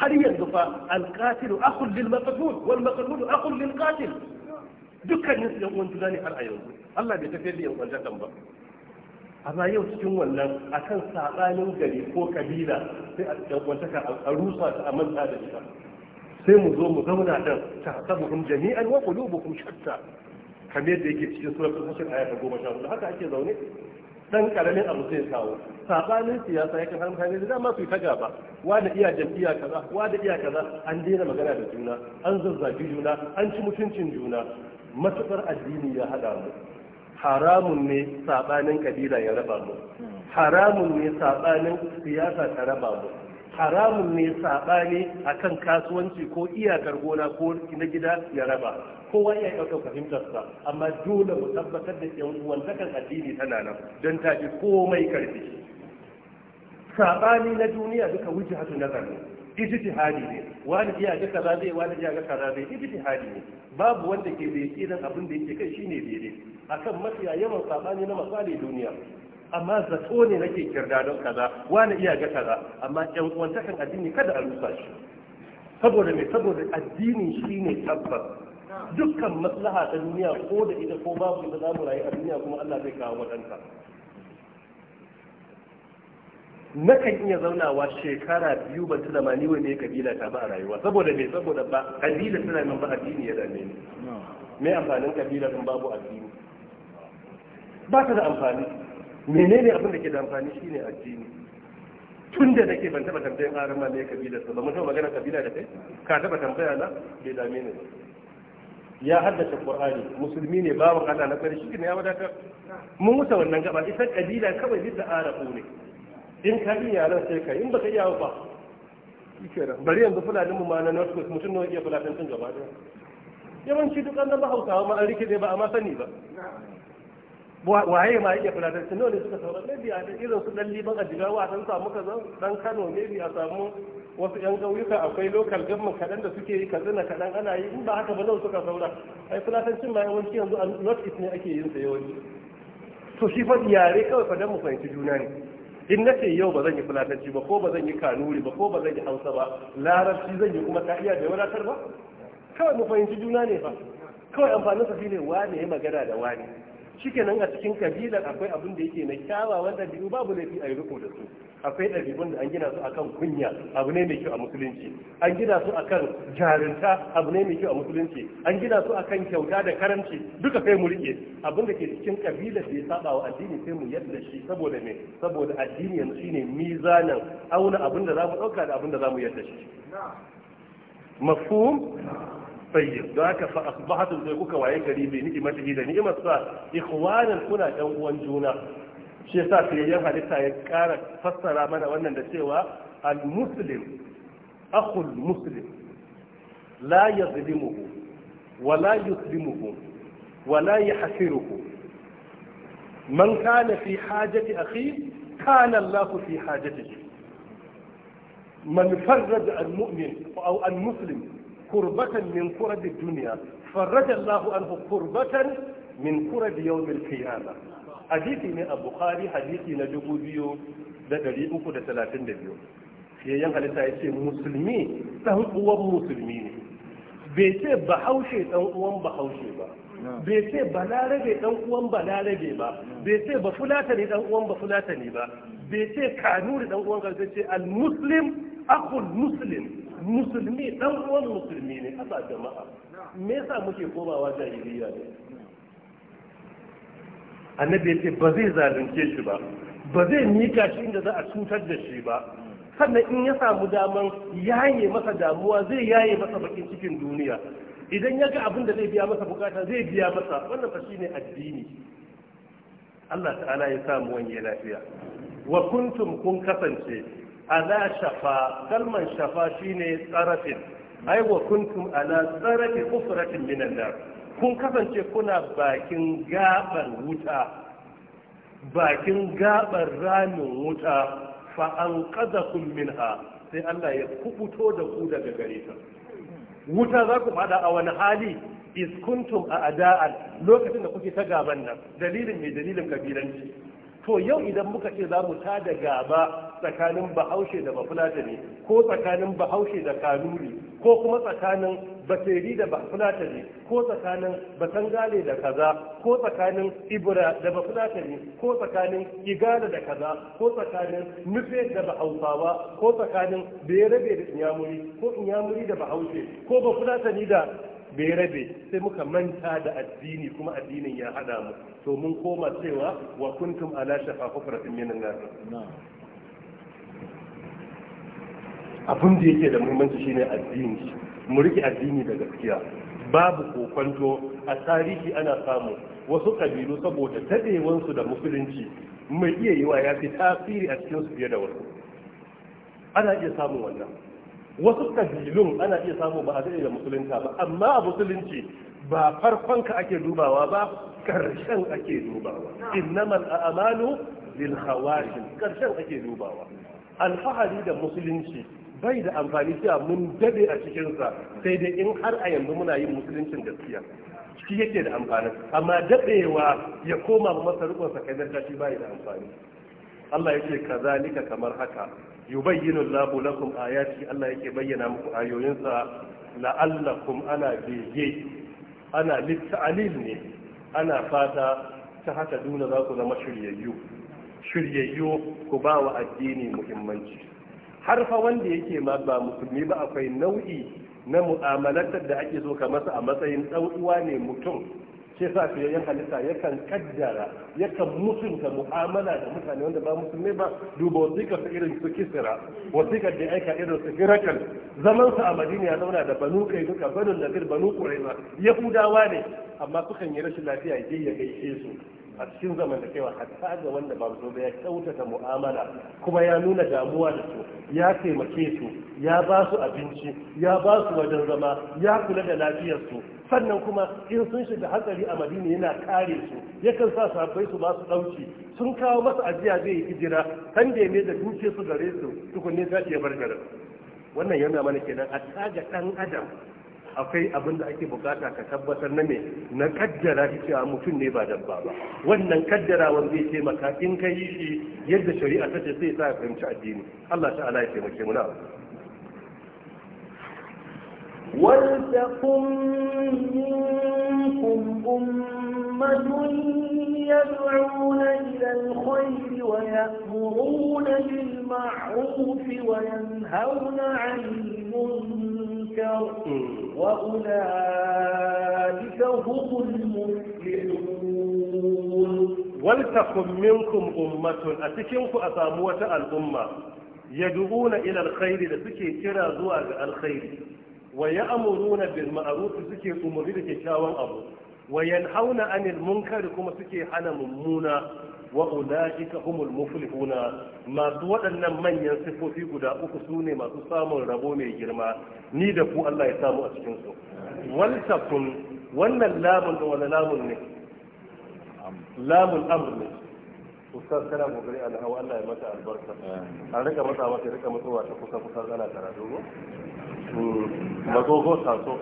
har yanzu fa alqatil akhul lil maqtul wal maqtul akhul lil qatil dukkanin su dan uwan juna ne har a yanzu Allah bai tafiyar da yan uwan jakan ba amma yau cikin wannan akan sabanin gari ko kabila sai a yan uwan a rusa ta a manta da ita sai mu zo mu zauna dan ta sabuhum jami'an wa qulubuhum shatta kamar yadda yake cikin suratul hashr aya ta 14 haka ake zaune dan karamin abu zai kawo sabanin siyasa yakan har mutane da dama su ta gaba wa da iya jam'iyya kaza wa da iya kaza an daina magana da juna an zazzabi juna an ci mutuncin juna matukar addini ya hada mu haramun ne sabanin kabila ya raba mu haramun ne sabanin siyasa ta raba mu haramun ne saɓani akan kasuwanci ko iyakar gona ko na gida ya raba kowa ya fahimtar fahimtarsa amma dole mu tabbatar da yan uwantakan addini tana nan don ta fi komai karfi saɓani na duniya duka wuce hatu nazar ne ijtihadi ne wani iya ga kaza zai wani iya ga kaza zai hali ne babu wanda ke da yakin abin da yake kai shine daidai akan mafiya yawan saɓani na masali duniya amma zato ne nake kirda don kaza wani iya ga kaza amma yan uwantakan addini kada a rusa shi saboda me saboda addini shine tabbas dukkan maslaha ta duniya ko da ita ko babu ita zamu rayu a duniya kuma Allah zai kawo wadanta nakan iya zaunawa shekara biyu ban tuna ma ni wani kabila ta ba a rayuwa saboda me saboda ba kabila tana nan ba addini ya dame ni me amfanin kabila in babu addini ba ta da amfani menene abin da ke da amfani shine addini tun da nake ban taba tambayan arama ne kabila sa ba mutum magana kabila da kai ka taba tambaya na bai dame ni ba ya haddace qur'ani musulmi ne babu Allah na kare shi ne ya wadatar mun wuce wannan gaba ita kabila kawai da arabu ne in ka yi yaran sai kai in baka iya ba bari yanzu fulani mu ma na North Coast mutum nawa iya fulatancin gaba da yawanci duk an ba Hausawa ma an rike ba a ma sani ba waye ma iya fulatanci nawa ne suka saura maybe a da irin su dan liban a jigawa a samu kaza dan kano ne a samu wasu yan gauyuka akwai lokal government kaɗan da suke yi kazina kaɗan ana yi in ba haka ba nawa suka saura ai fulatancin ma yawanci yanzu a north east ne ake yin sa yawanci to shi fa yare kawai fa dan mu fahimci juna ne in na ce yau ba zan yi fulatanci ba ko ba zan yi kanuri ba ko ba zan yi hausa ba larabci zan yi kuma ta iya bai wadatar ba kawai mu fahimci juna ne fa kawai amfanin sa shine wane ya magana da wane nan a cikin kabilar akwai abin da yake na kyawawan ɗabi'u babu laifi a yi riko da su akwai ɗabi'un da an gina su akan kunya abu ne mai kyau a musulunci an gina su akan jarinta abu ne mai kyau a musulunci an gina su akan kyauta da karamci duka kai mu rike abin da ke cikin kabilar da ya saba wa addini sai mu yadda shi saboda me saboda addini yanzu shine mizanin auna abin da za mu ɗauka da abin da za mu yadda shi mafhum طيب ذا كف أصبحت زوجك وعي كريم نعمة جدا نعمة صار إخوانا كنا كم وانجونا شيء صار في يوم هذا سائر كار فسر من وانا نسوى المسلم أخو المسلم لا يظلمه ولا يظلمه ولا يحسره من كان في حاجة أخيه كان الله في حاجته من فرد المؤمن أو المسلم kurbatan min kuradi duniya farraja Allahu anhu kurbatan min kuradi yawmil qiyamah hadisi ne a Bukhari hadisi na 2332 fiyayyen halitta ya ce musulmi ɗan uwan musulmi ne bai ce bahaushe ɗan uwan bahaushe ba bai ce balarabe ɗan uwan balarabe ba bai ce ba fulatani ɗan uwan ba fulatani ba bai ce kanuri ɗan uwan gaza ce al-muslim akhul muslim musulmi dan uwan musulmi ne a jama'a me yasa muke komawa jahiliya ne annabi yace ba zai zalunce shi ba ba zai mika shi inda za a cutar da shi ba sannan in ya samu daman yaye masa damuwa zai yaye masa bakin cikin duniya idan ya ga abin da zai biya masa bukata zai biya masa wannan fa shine addini Allah ta'ala ya samu wani lafiya wa kuntum kun kasance ala shafa kalman shafa shine tsarafin ai wa kuntum ala tsarafi kufratin minan nar kun kasance kuna bakin gabar wuta bakin gabar ramin wuta fa an anqadakum minha sai Allah ya kubuto da ku daga gare ta wuta za ku fada a wani hali is kuntum a ada'an lokacin da kuke ta gaban nan dalilin mai dalilin kabilanci to yau idan muka ce za mu ta da gaba tsakanin bahaushe da bafulatani ko tsakanin bahaushe da kanuri ko kuma tsakanin bateri da bafulatani ko tsakanin batangale da kaza ko tsakanin ibra da bafulatani ko tsakanin igala da kaza ko tsakanin nufe da bahausawa ko tsakanin berabe da inyamuri ko inyamuri da bahaushe ko bafulatani da Bai rabe sai muka manta da addini kuma addinin ya hada mu to mun koma cewa wa kuntum ala shafa kufratin minan nar abin da yake da muhimmanci shine addini mu rike addini da gaskiya babu kokonto a tarihi ana samu wasu kabilu saboda tadewansu da musulunci mai iya yiwa ya fi tasiri a cikin su fiye da wasu ana iya samun wannan wasu kabilun ana iya samu ba a daɗe da musulunta ba amma a musulunci ba farkon ka ake dubawa ba karshen ake dubawa innamal a'malu lil khawarij karshen ake dubawa alfahari da musulunci bai da amfani cewa mun dade a cikinsa sai dai in har a yanzu muna yin musuluncin gaskiya shi yake da amfani amma dadewa ya koma masa sa kai shi bai da amfani Allah yake kazalika kamar haka yubayyinu Allahu lakum ayati Allah yake bayyana muku ayoyinsa la'allakum ana bege ana litta'alil ne ana fata ta haka duna za ku zama shiryayyu shiryayyu ku ba wa addini muhimmanci har fa wanda yake ma ba musulmi ba akwai nau'i na mu'amalatar da ake so ka masa a matsayin ɗan uwa ne mutum shi fiye yan halitta yakan kaddara yakan mutunta mu'amala da mutane wanda ba musulmi ba duba wasiƙar su irin su kisira wasiƙar da aika irin su kan zaman sa a madina ya zauna da banu kai duka banu nafir banu kuraiba yahudawa ne amma sukan yi rashin lafiya ya gaishe su a cikin zamantakewa hatta ga wanda ba zo ya kyautata mu'amala kuma ya nuna damuwa da su ya taimake su ya ba su abinci ya ba su wajen zama ya kula da lafiyarsu sannan kuma in sun shiga hatsari a madina yana kare su yakan sa sabbai su ba su ɗauki sun kawo masa ajiya zai yi hijira kan da ne da duke su gare su tukunne za ya bar garin wannan yana mana kenan a ga ɗan adam akwai abin da ake bukata ka tabbatar na me na kaddara shi cewa mutum ne ba dabba ba wannan wanda zai taimaka in ka shi yadda shari'a ta ce sai sa ya fahimci addini Allah ta'ala ya ce mu na ولتكن منكم أمة يدعون إلى الخير ويأمرون بالمعروف وينهون عن المنكر وأولئك هم المفلحون ولتكن منكم أمة أتكنك أساموة الأمة يدعون إلى الخير لسكي كرا زواج الخير wa ya ya'muruna bil ma'ruf suke umarni da kyakkyawan abu wa yanhauna 'anil munkari kuma suke hana mummuna wa ulaika humul muflihuna masu waɗannan manyan sifofi guda uku sune masu samun rabo mai girma ni da ku Allah ya samu a cikin su wal takun wannan lamun da wani lamun ne lamun amr ne ustaz kana kokari alhawa Allah ya mata albarka an rika masa mata rika mutuwa ta kusa kusa ana karatu mazo ko taso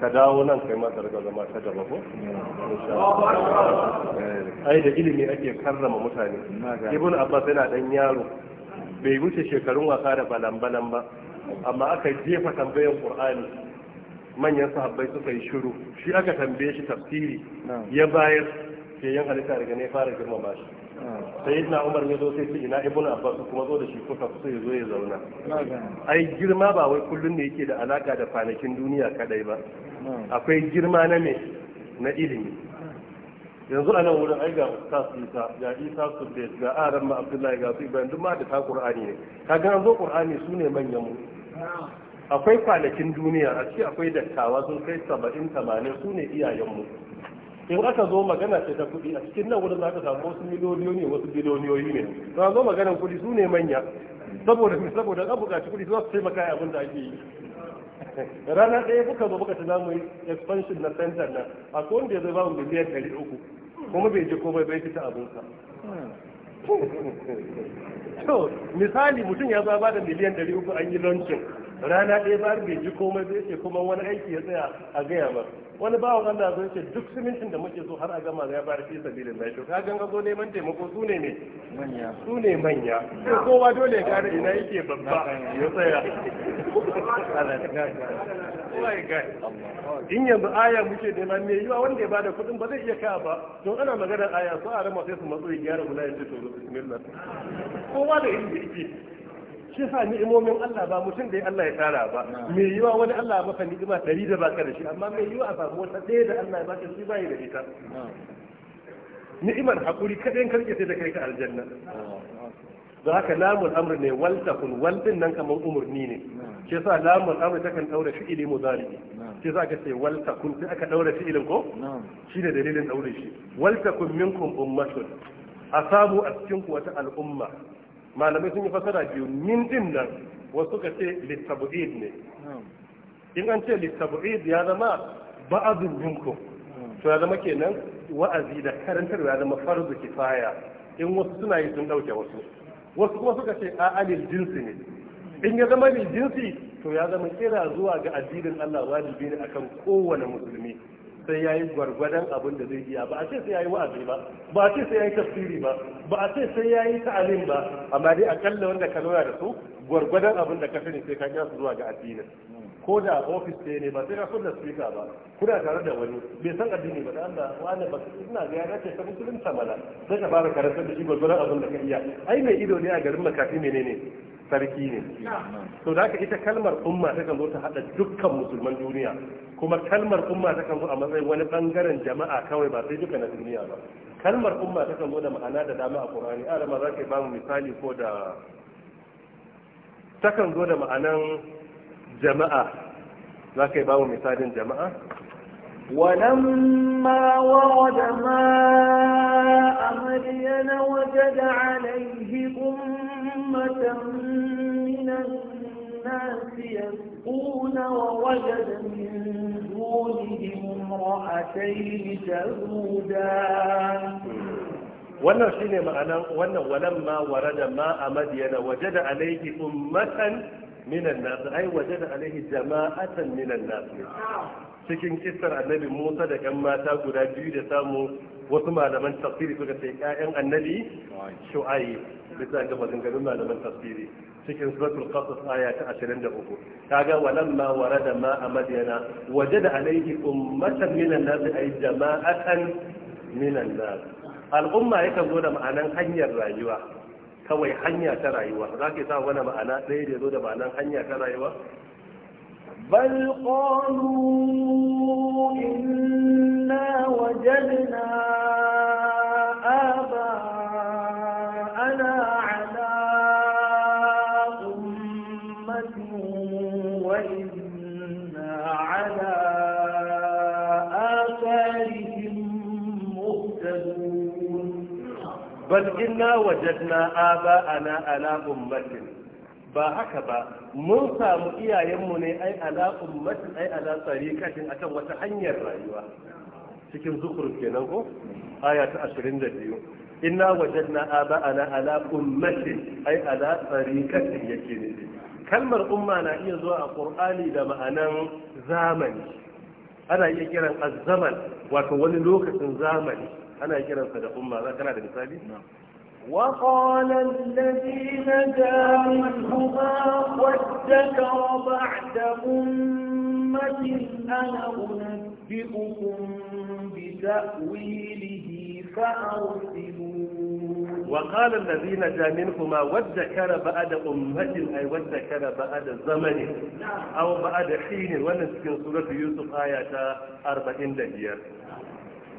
ka dawo nan kai ma daga zama ta gaba ko ai da ilimi ake karrama mutane ibn abbas yana dan yaro bai wuce shekarun wasa da balambalan ba amma aka jefa tambayan qur'ani manyan sahabbai suka yi shiru shi aka tambaye shi tafsiri ya bayar ke yan halitta daga ne fara girmama shi sai na umar ya zo sai su ina ibn abbas kuma zo da shi kuka kusa ya zo ya zauna ai girma ba wai kullun ne yake da alaka da kwanakin duniya kadai ba akwai girma na me na ilimi yanzu a nan wurin ai ga ustaz isa ga isa subbet ga aran ma abdullahi ga su ibrahim duk ma da ta qur'ani ne kaga an zo qur'ani su ne manyan mu akwai kwanakin duniya a ciki akwai dattawa sun kai 70 tamanin su ne iyayenmu in aka zo magana ce ta kuɗi a cikin nan wurin zaka samu wasu miliyoyi ne wasu biloniyoyi ne to zo magana kuɗi su ne manya saboda me saboda an buƙaci kuɗi za su taimaka ya abin da ake yi (laughs) rana ɗaya kuka zo kuka tana mai expansion na center na, a ko wanda ya zai bamu miliyan ɗari uku kuma bai je komai bai fita abinsa (laughs) to misali mutum ya zaba da miliyan ɗari uku an yi launching rana ɗaya ba bai ji komai bai ce kuma wani aiki ya tsaya a gaya masa wani bawan Allah zai ce duk simintin da muke so har a gama ya bayar fi sabilin lai to ka gan ga zo neman taimako su ne me manya su ne manya to kowa dole ya gane ina yake babba ya tsaya in yanzu aya muke neman me yiwa wanda ya bada kuɗin ba zai iya ka ba to ana maganar aya su a rama sai su matso gyara hula ya to bismillah kowa da inda yake shi sa ni'imomin Allah ba mutum da ya Allah ya tara ba mai yiwa wani Allah maka ni'ima ɗari da baka da shi amma mai yiwa a samu wata ɗaya da Allah ya baka shi bai da ita ni'imar hakuri kaɗai karke sai da kai ka aljanna da haka lamun amr ne walta kun waltin nan kamar umurni ne shi sa lamun amr ta kan ɗaura fi'ili mu mudari shi sa ka ce walta kun sai aka ɗaura fi'ilin ko ne dalilin daure shi walta kun minkum ummatun asabu a cikin ku wata al'umma malamai sun yi fasara biyu min din nan wasu ka ce littabu'id ne in an ce littabu'id ya zama ba'adun minkum to ya zama kenan wa'azi da karantarwa ya zama farzu kifaya in wasu suna yi sun dauke wasu wasu kuma suka ce a alil jinsi ne in ya zama lil jinsi to ya zama kira zuwa ga addinin Allah wajibi ne akan kowane musulmi sai ya yi gwargwadon abin da zai iya ba a ce sai ya yi wa'azi ba ba a ce sai ya yi tafsiri ba ba a ce sai ya yi ta'alim ba amma dai akalla wanda ka nuna da su gwargwadon abin da ka sani sai ka kira su zuwa ga addinin ko da ofis ɗaya ne ba sai ka kunna speaker ba kuna tare da wani bai san addini ba da Allah wani ba ina ga ya dace ka musulunta mana zai ka fara karanta da shi gwargwadon abin da ka iya ai mai ido ne a garin makafi menene sarki ne to da haka ita kalmar umma ta kan zo ta hada dukkan musulman duniya kuma kalmar umma ta kan zo a matsayin wani bangaren jama'a kawai ba sai duka na duniya ba kalmar umma ta kan zo da ma'ana da dama a qur'ani a rama zaka ba mu misali ko da ta kan zo da ma'anan jama'a zaka ba mu misalin jama'a ولما ورد ماء مدين وجد عليه أمة من الناس يسقون ووجد من دونهم امرأتين تذودان wannan shine ma'anan wannan walamma warada ma a madiyana wajada alaihi ummatan minan nas ai wajada alaihi jama'atan minan nas cikin kissar annabi Musa da ƴan mata guda biyu da samu wasu malaman tafsiri suka sai ƴaƴan annabi shu'ayi bisa ga maganganun malaman tafsiri cikin suratul qasas aya ta 23 kaga walamma warada ma a wajada alayhi ummatan minan nas ay jama'atan minan nas al'umma yake zo da ma'anan hanyar rayuwa kawai hanya ta rayuwa za ka sa wani ma'ana ɗaya da zo da ma'anan hanya ta rayuwa بل قالوا إنا وجدنا آباءنا على أمة وإنا على آثارهم مهتدون بل إنا وجدنا آباءنا على أمة ba haka ba mun samu iyayenmu ne ai ala ummatin ai ala tsarikatin akan wata hanyar rayuwa cikin zukur kenan ko aya ta 22 inna wajadna aba'ana ala ummati ai ala tsarikatin yake ne kalmar umma na iya zuwa a qur'ani da ma'anan zamani ana iya kiran azzaman wato wani lokacin zamani ana kiransa da umma za kana da misali وقال الذي نجا منهما واتكر بعد أمة أنا أنبئكم بتأويله فأرسلون وقال الذين جاء منهما وذكر بعد أمة أي وذكر بعد زمن أو بعد حين ونسكن سورة يوسف آية 40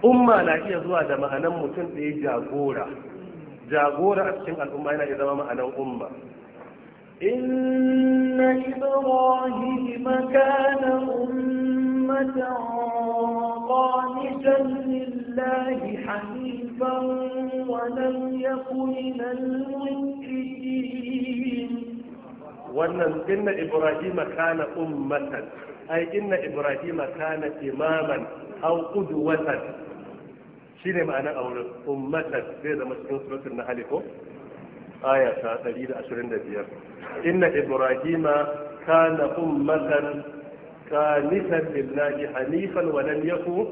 أمة لا هي زوا da ma'anan mutum jagora a cikin al'umma yana iya zama ma'anan umma إن إبراهيم كان أمة قانتا لله حنيفا ولم يكن من المشركين wannan inna ibrahima kana ummatan ay inna ibrahima kana imaman aw qudwatan shine ma'anar auren ummatan zai zama cikin suratul nahl ko aya ta 125 inna ibrahima kana ummatan qanitan lillahi hanifan wa lam yakun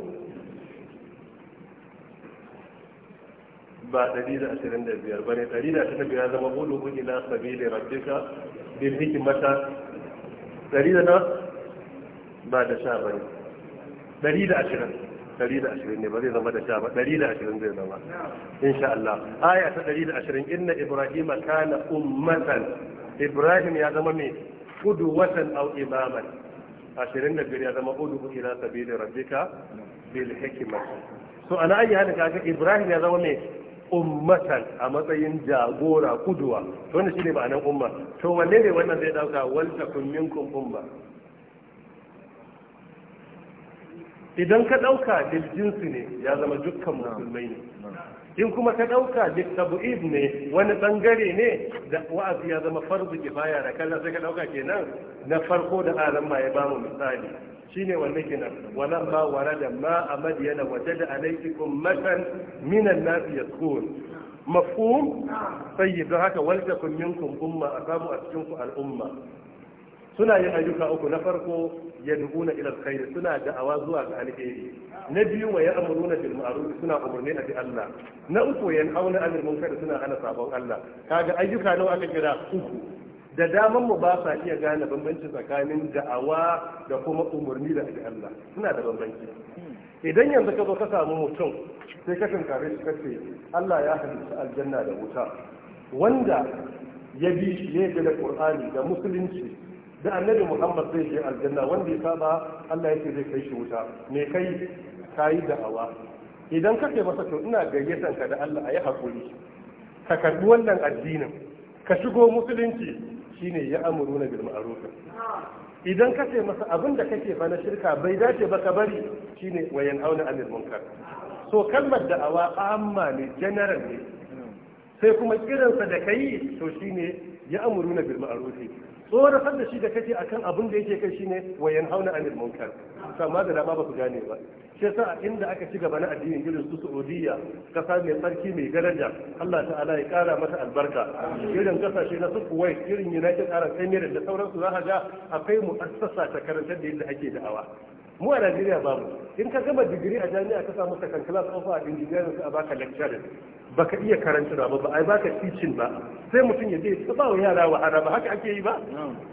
ba 125 bane 125 ya zama ulubu ila sabili rabbika bil hikmata 100 na ba da sha bane 120 120 ne ba zai zama da sha ba 120 zai zama insha Allah aya ta 120 inna Ibrahim kana ummatan ibrahim ya zama mai kudu qudwatan aw imaman 25 ya zama udu ila sabili rabbika bil hikmati so ana ayi hada kaga ibrahim ya zama mai ummatan a matsayin jagora kuduwa to ne shine ba nan umma to wanne ne wannan zai dauka wal takum minkum umma idan ka ɗauka jinsi ne ya zama dukkan musulmai ne in kuma ka ɗauka littabu'id ne wani ɓangare ne da wa'azi ya zama farzu baya da kalla sai ka ɗauka kenan na farko da alam ma ya ba mu misali shine wanne kenan walan ma warada ma a madiyana wajada kun ummatan minan nas yaskun mafhum yi don haka walta kun minkum umma a cikin ku al'umma suna yin ayyuka uku na farko yad'una ila da suna da'awa zuwa ga alheri na biyu wa ya'muruna bil ma'ruf suna umurni a bi Allah na uku yanhauna 'anil munkar suna hana sabon Allah kaga ayyuka nawa aka kira uku da daman mu ba sa iya gane bambanci tsakanin da'awa da kuma umurni da bi Allah suna da bambanci idan yanzu ka zo ka samu mutum sai ka tunkare shi kace Allah ya halitta aljanna da wuta wanda ya bi shi ne da Qur'ani da musulunci da annabi muhammad zai je aljanna wanda ya saba allah ya ce zai kai shi wuta me kai kayi da'awa idan kake masa to ina gayyatan ka da allah a yi haƙuri ka karɓi wannan addinin ka shigo musulunci shine ya amuru na bil ma'ruf idan ka ce masa abin da kake fa na shirka bai dace ba ka bari shine wayan auna anil munkar so kalmar da'awa amma ne general ne sai kuma kiransa da kai to shine ya amuru na bil tsoratar da shi da kake akan abin da yake kai shine wayan hauna anil munkar amma da dama ba ku gane ba shi yasa inda aka ci gaba na addinin irin su Saudiya kasa mai tsarki mai daraja Allah ta'ala ya kara masa albarka irin kasashe na su Kuwait irin United Arab Emirates da sauransu za ga akwai mu'assasa ta karantar da yadda ake da'awa mu a Najeriya ba mu, in ka gama digiri a jami'a ka samu second class of a engineering a baka ba baka iya karanta ba ba ai baka teaching ba sai mutum ya je ka ba wa yara wa ba haka ake yi ba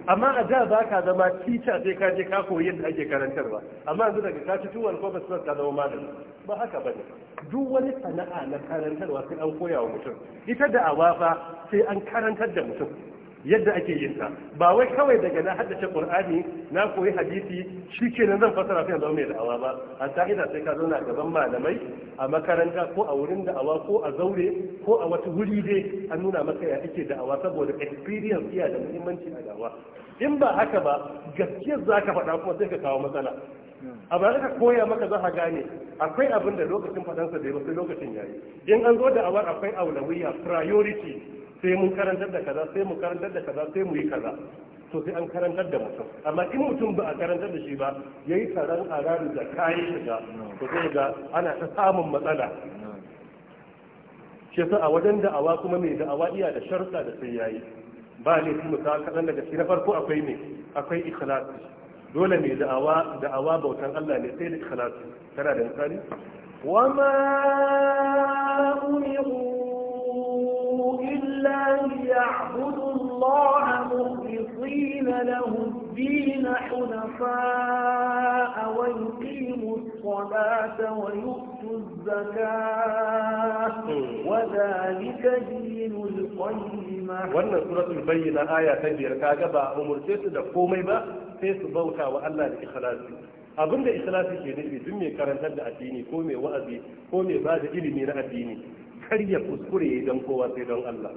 amma a da baka zama teacher sai ka je ka koyi yadda ake karantarwa amma yanzu daga ka fito wani kuma sai ka zama malami ba haka ba ne, duk wani sana'a na karantarwa sai an koya wa mutum ita da awafa sai an karantar da mutum yadda ake yin ta ba wai kawai daga na haddace qur'ani na koyi hadisi shikenan zan fasara sai zama mai da'awa ba a ina sai ka zauna gaban malamai a makaranta ko a wurin da'awa ko a zaure ko a wata wuri dai an nuna maka ya ake da'awa saboda experience iya da muhimmanci a da'awa in ba haka ba gaskiyar zaka faɗa kuma sai ka kawo matsala a ba ka koya maka za ka gane akwai abin da lokacin faɗansa da ya sai lokacin yayi in an zo da'awar akwai aulawiya priority sai mun karantar da kaza sai mu karantar da kaza sai mu yi kaza to sai an karantar da mutum amma in mutum ba a karantar da shi ba yayi taron arari da kayan shiga to sai ga ana ta samun matsala shi a wajen da'awa kuma mai da'awa iya da sharta da sai yayi ba ne kuma ta kaɗan daga shi na farko akwai ne akwai ikhlasi dole mai da'awa da'awa bautan Allah ne sai da ikhlasi kana da misali wa ma umiru إلا ليعبدوا الله مخلصين له الدين حنفاء ويقيموا الصلاة ويؤتوا الزكاة وذلك دين القيمة وأن سورة البينة آية تبير كاجبا أمور جيت لفومي با تيس بوتا وألا لك خلاصي أبن إخلاصي في الدنيا دمي كارنتد أديني كومي وأبي كومي بعد إلي من أديني kar ya kuskure ya kowa sai don Allah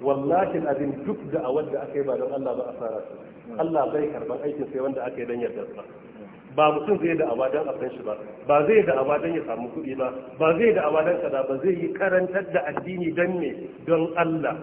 wallahi abin duk da a wanda aka yi ba don Allah ba a fara su Allah bai karban aikin sai wanda aka yi don yarda sa ba mutum zai da awa don a san shi ba ba zai da awa don ya samu kuɗi ba ba zai da awa don kada ba zai yi karantar da addini don me don Allah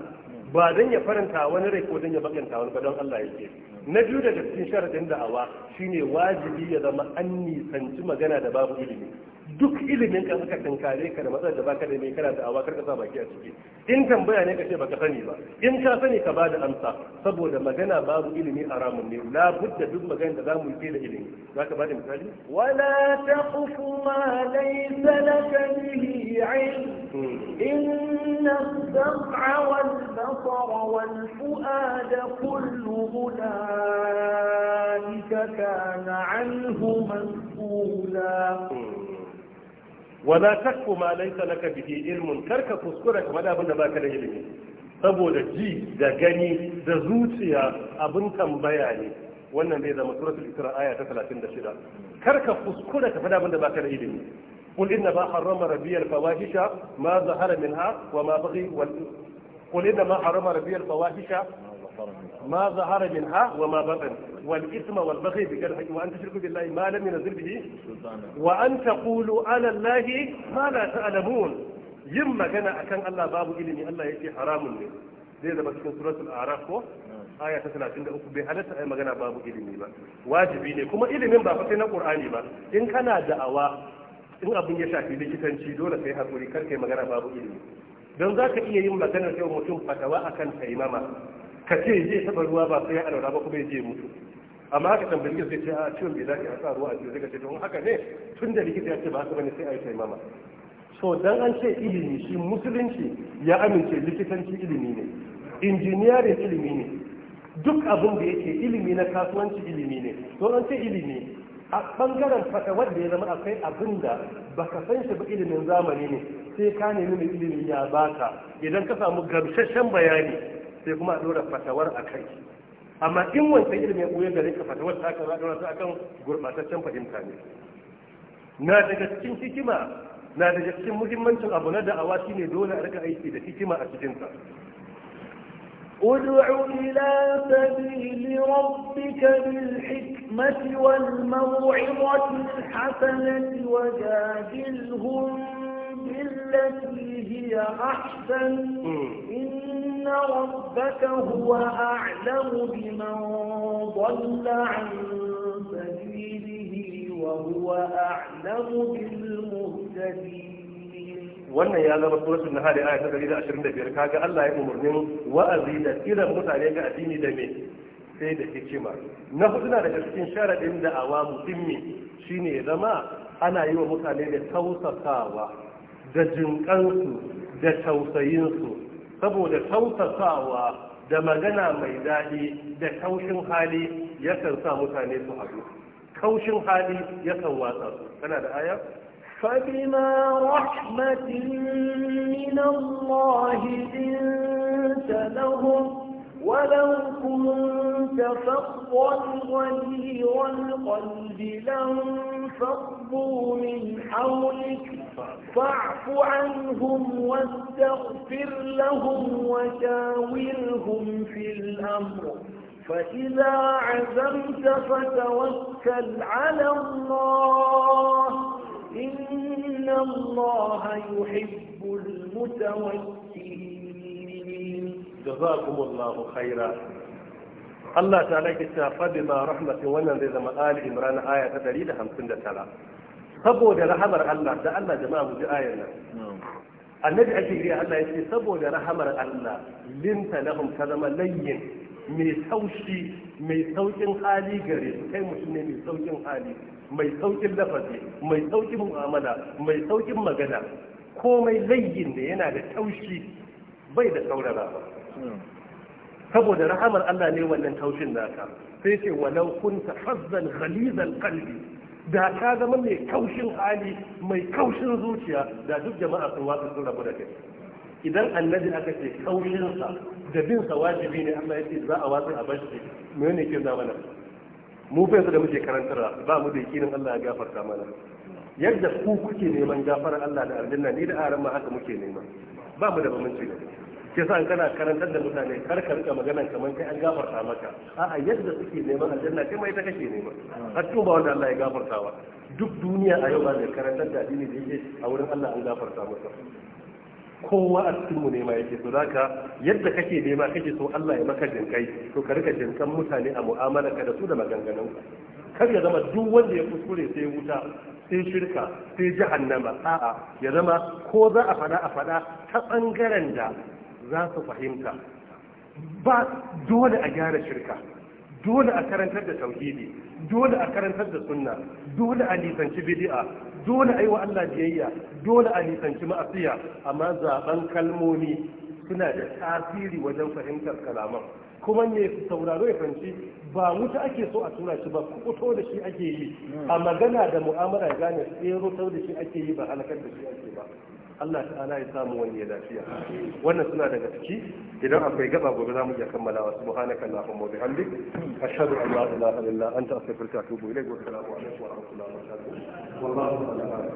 ba don ya faranta wani rai ko don ya bakanta wani ba don Allah ya ke na biyu da cikin sharadin da'awa shine wajibi ya zama an nisanci magana da babu ilimi duk ilimin ka suka tinkare ka da matsalar da baka da mai kana da awa ka sa baki a ciki in tambaya ne ka ce baka sani ba in ka sani ka bada amsa saboda magana babu ilimi a ramun ne la budda duk magana da za zamu yi da ilimi zaka bada misali wala taqfu ma laysa laka bihi ilm hmm. inna as-sam'a wal basara wal fu'ada kullu ulaika kana anhu mas'ula hmm. wala takfu ma laysa laka bihi ilmun karka kuskura ka faɗa abin da baka da ilimi saboda ji da gani da zuciya abin tambaya ne wannan zai zama suratul isra aya ta 36 karka kuskura ka faɗa abin da baka da ilimi قل إنما حرم ربي الفواحش ما ظهر منها وما بغي قل إنما حرم ربي الفواحش ما ظهر منها وما بطن والإثم والبغي بغير حق وأن تشركوا بالله ما لم ينزل به وأن تقولوا على الله ما لا تعلمون yin magana akan Allah babu ilimi Allah ya ce haramun ne zai zama cikin suratul araf ko aya ta 33 bai halarta ai magana babu ilimi ba wajibi ne kuma ilimin ba fa na qur'ani ba in kana da'awa in abin ya shafi likitanci dole sai hakuri kar ka kai magana babu ilimi don zaka iya yin magana sai mutum fatawa akan taimama ka ce zai taba ruwa ba sai ya alwala ba kuma ya je mutu amma haka tambayi likita zai ce a ah, ciwon bai zaki a sa ruwa a cikin zai don haka ne tun da likita ya ce ba haka bane sai a yi taimama so dan an ce ilimi shi musulunci ya amince likitanci ilimi ne injiniyarin ilimi ne duk abin da yake ilimi na kasuwanci ilimi ne to an ce ilimi a bangaren fata wanda ya zama akwai abin da ka san shi ba ilimin zamani ne sai ka nemi mai ilimi ya baka idan ka samu gamsasshen bayani sai kuma a dora fatawar a kai amma in wancan ilimin ɓoye gare ka fatawar ta kan zaɗora ta akan gurɓataccen fahimta ne na daga cikin hikima na daga cikin muhimmancin abu na da'awa shine dole a rika aiki da hikima a cikinsa ادعوا إلى سبيل ربك بالحكمة والموعظة الحسنة وجادلهم بالتي هي أحسن إن ربك هو أعلم بمن ضل عن سبيله وهو أعلم بالمهتدين wannan ya zama suratul nahari aya ta 125 kaga Allah ya umurnin wa'azi da kiran mutane ga addini da me sai da hikima na hudu na daga cikin sharadin da awa mutummi shine zama ana yi wa mutane da tausasawa da jinkansu, da tausayinsu saboda tausasawa da magana mai daɗi da kaushin hali yakan sa mutane su haɗu kaushin hali yakan watsa su kana da aya فبما رحمة من الله لنت لهم ولو كنت غني والقلب لم لانفضوا من حولك فاعف عنهم واستغفر لهم وشاورهم في الأمر فإذا عزمت فتوكل على الله إن الله يحب المتوكلين jazakumullahu khaira Allah ta lake ta fadi ma rahmatin wannan zai zama Ali Imran aya ta 159 saboda rahamar Allah da Allah jama'a mu ji ayar nan annabi ake gari Allah ya ce saboda rahamar Allah linta lahum ta zama layyin mai taushi, mai saukin hali gare su kai mutum ne mai saukin hali mai saukin lafazi mai saukin mu'amala mai saukin magana komai layyin da yana da taushi bai da saurara ba saboda rahamar Allah ne wannan taushin naka sai ce walau kunta fazzan ghalizal qalbi da ka zama mai kaushin hali mai kaushin zuciya da duk jama'a sun watsa sun rabu da kai idan annabi aka ce kaushin da bin sa wajibi ne Allah ya ce za a wasu a bashi me ne ke zamana mu fa da muke karantar ba mu da yakinin Allah ya gafarta mana yadda ku kuke neman gafarar Allah da aljanna ni da aran ma haka muke nema ba mu da bambanci da ke sa kana karantar da mutane kar ka rika magana kamar kai an gafarta maka a'a yadda suke neman aljanna kai mai ta kake nema har ba wanda Allah ya gafarta wa duk duniya a yau ba da karantar da addini da yake a wurin Allah an gafarta masa kowa a cikin mu nema yake to zaka yadda kake nema kake so Allah ya maka jinkai to ka rika jinkan mutane a mu'amalarka da su da maganganunka kar ya zama duk wanda ya kuskure sai wuta sai shirka sai jahannama a'a ya zama ko za a fada a fada ta bangaren da za su fahimta ba dole a gyara shirka dole a karantar da tauhidi dole a karantar da sunna dole a nisanci bid'a dole a yi wa Allah biyayya dole a nisanci ma'asiya amma zaben kalmomi suna da tasiri wajen fahimtar kalaman kuma ne sauraro ya fahimci ba wuta ake so a tura shi ba kuto da shi ake yi a magana da mu'amala gane tsero da shi ake yi ba halakar da shi ake ba Allah ta'ala ya samu wani ya lafiya wannan suna daga ciki idan akwai gaba gobe za mu iya kammalawa subhanaka allahumma wa bihamdik ashhadu an la ilaha illa anta astaghfiruka wa atubu ilayk wa assalamu alaikum wa rahmatullahi wa barakatuh wallahu ta'ala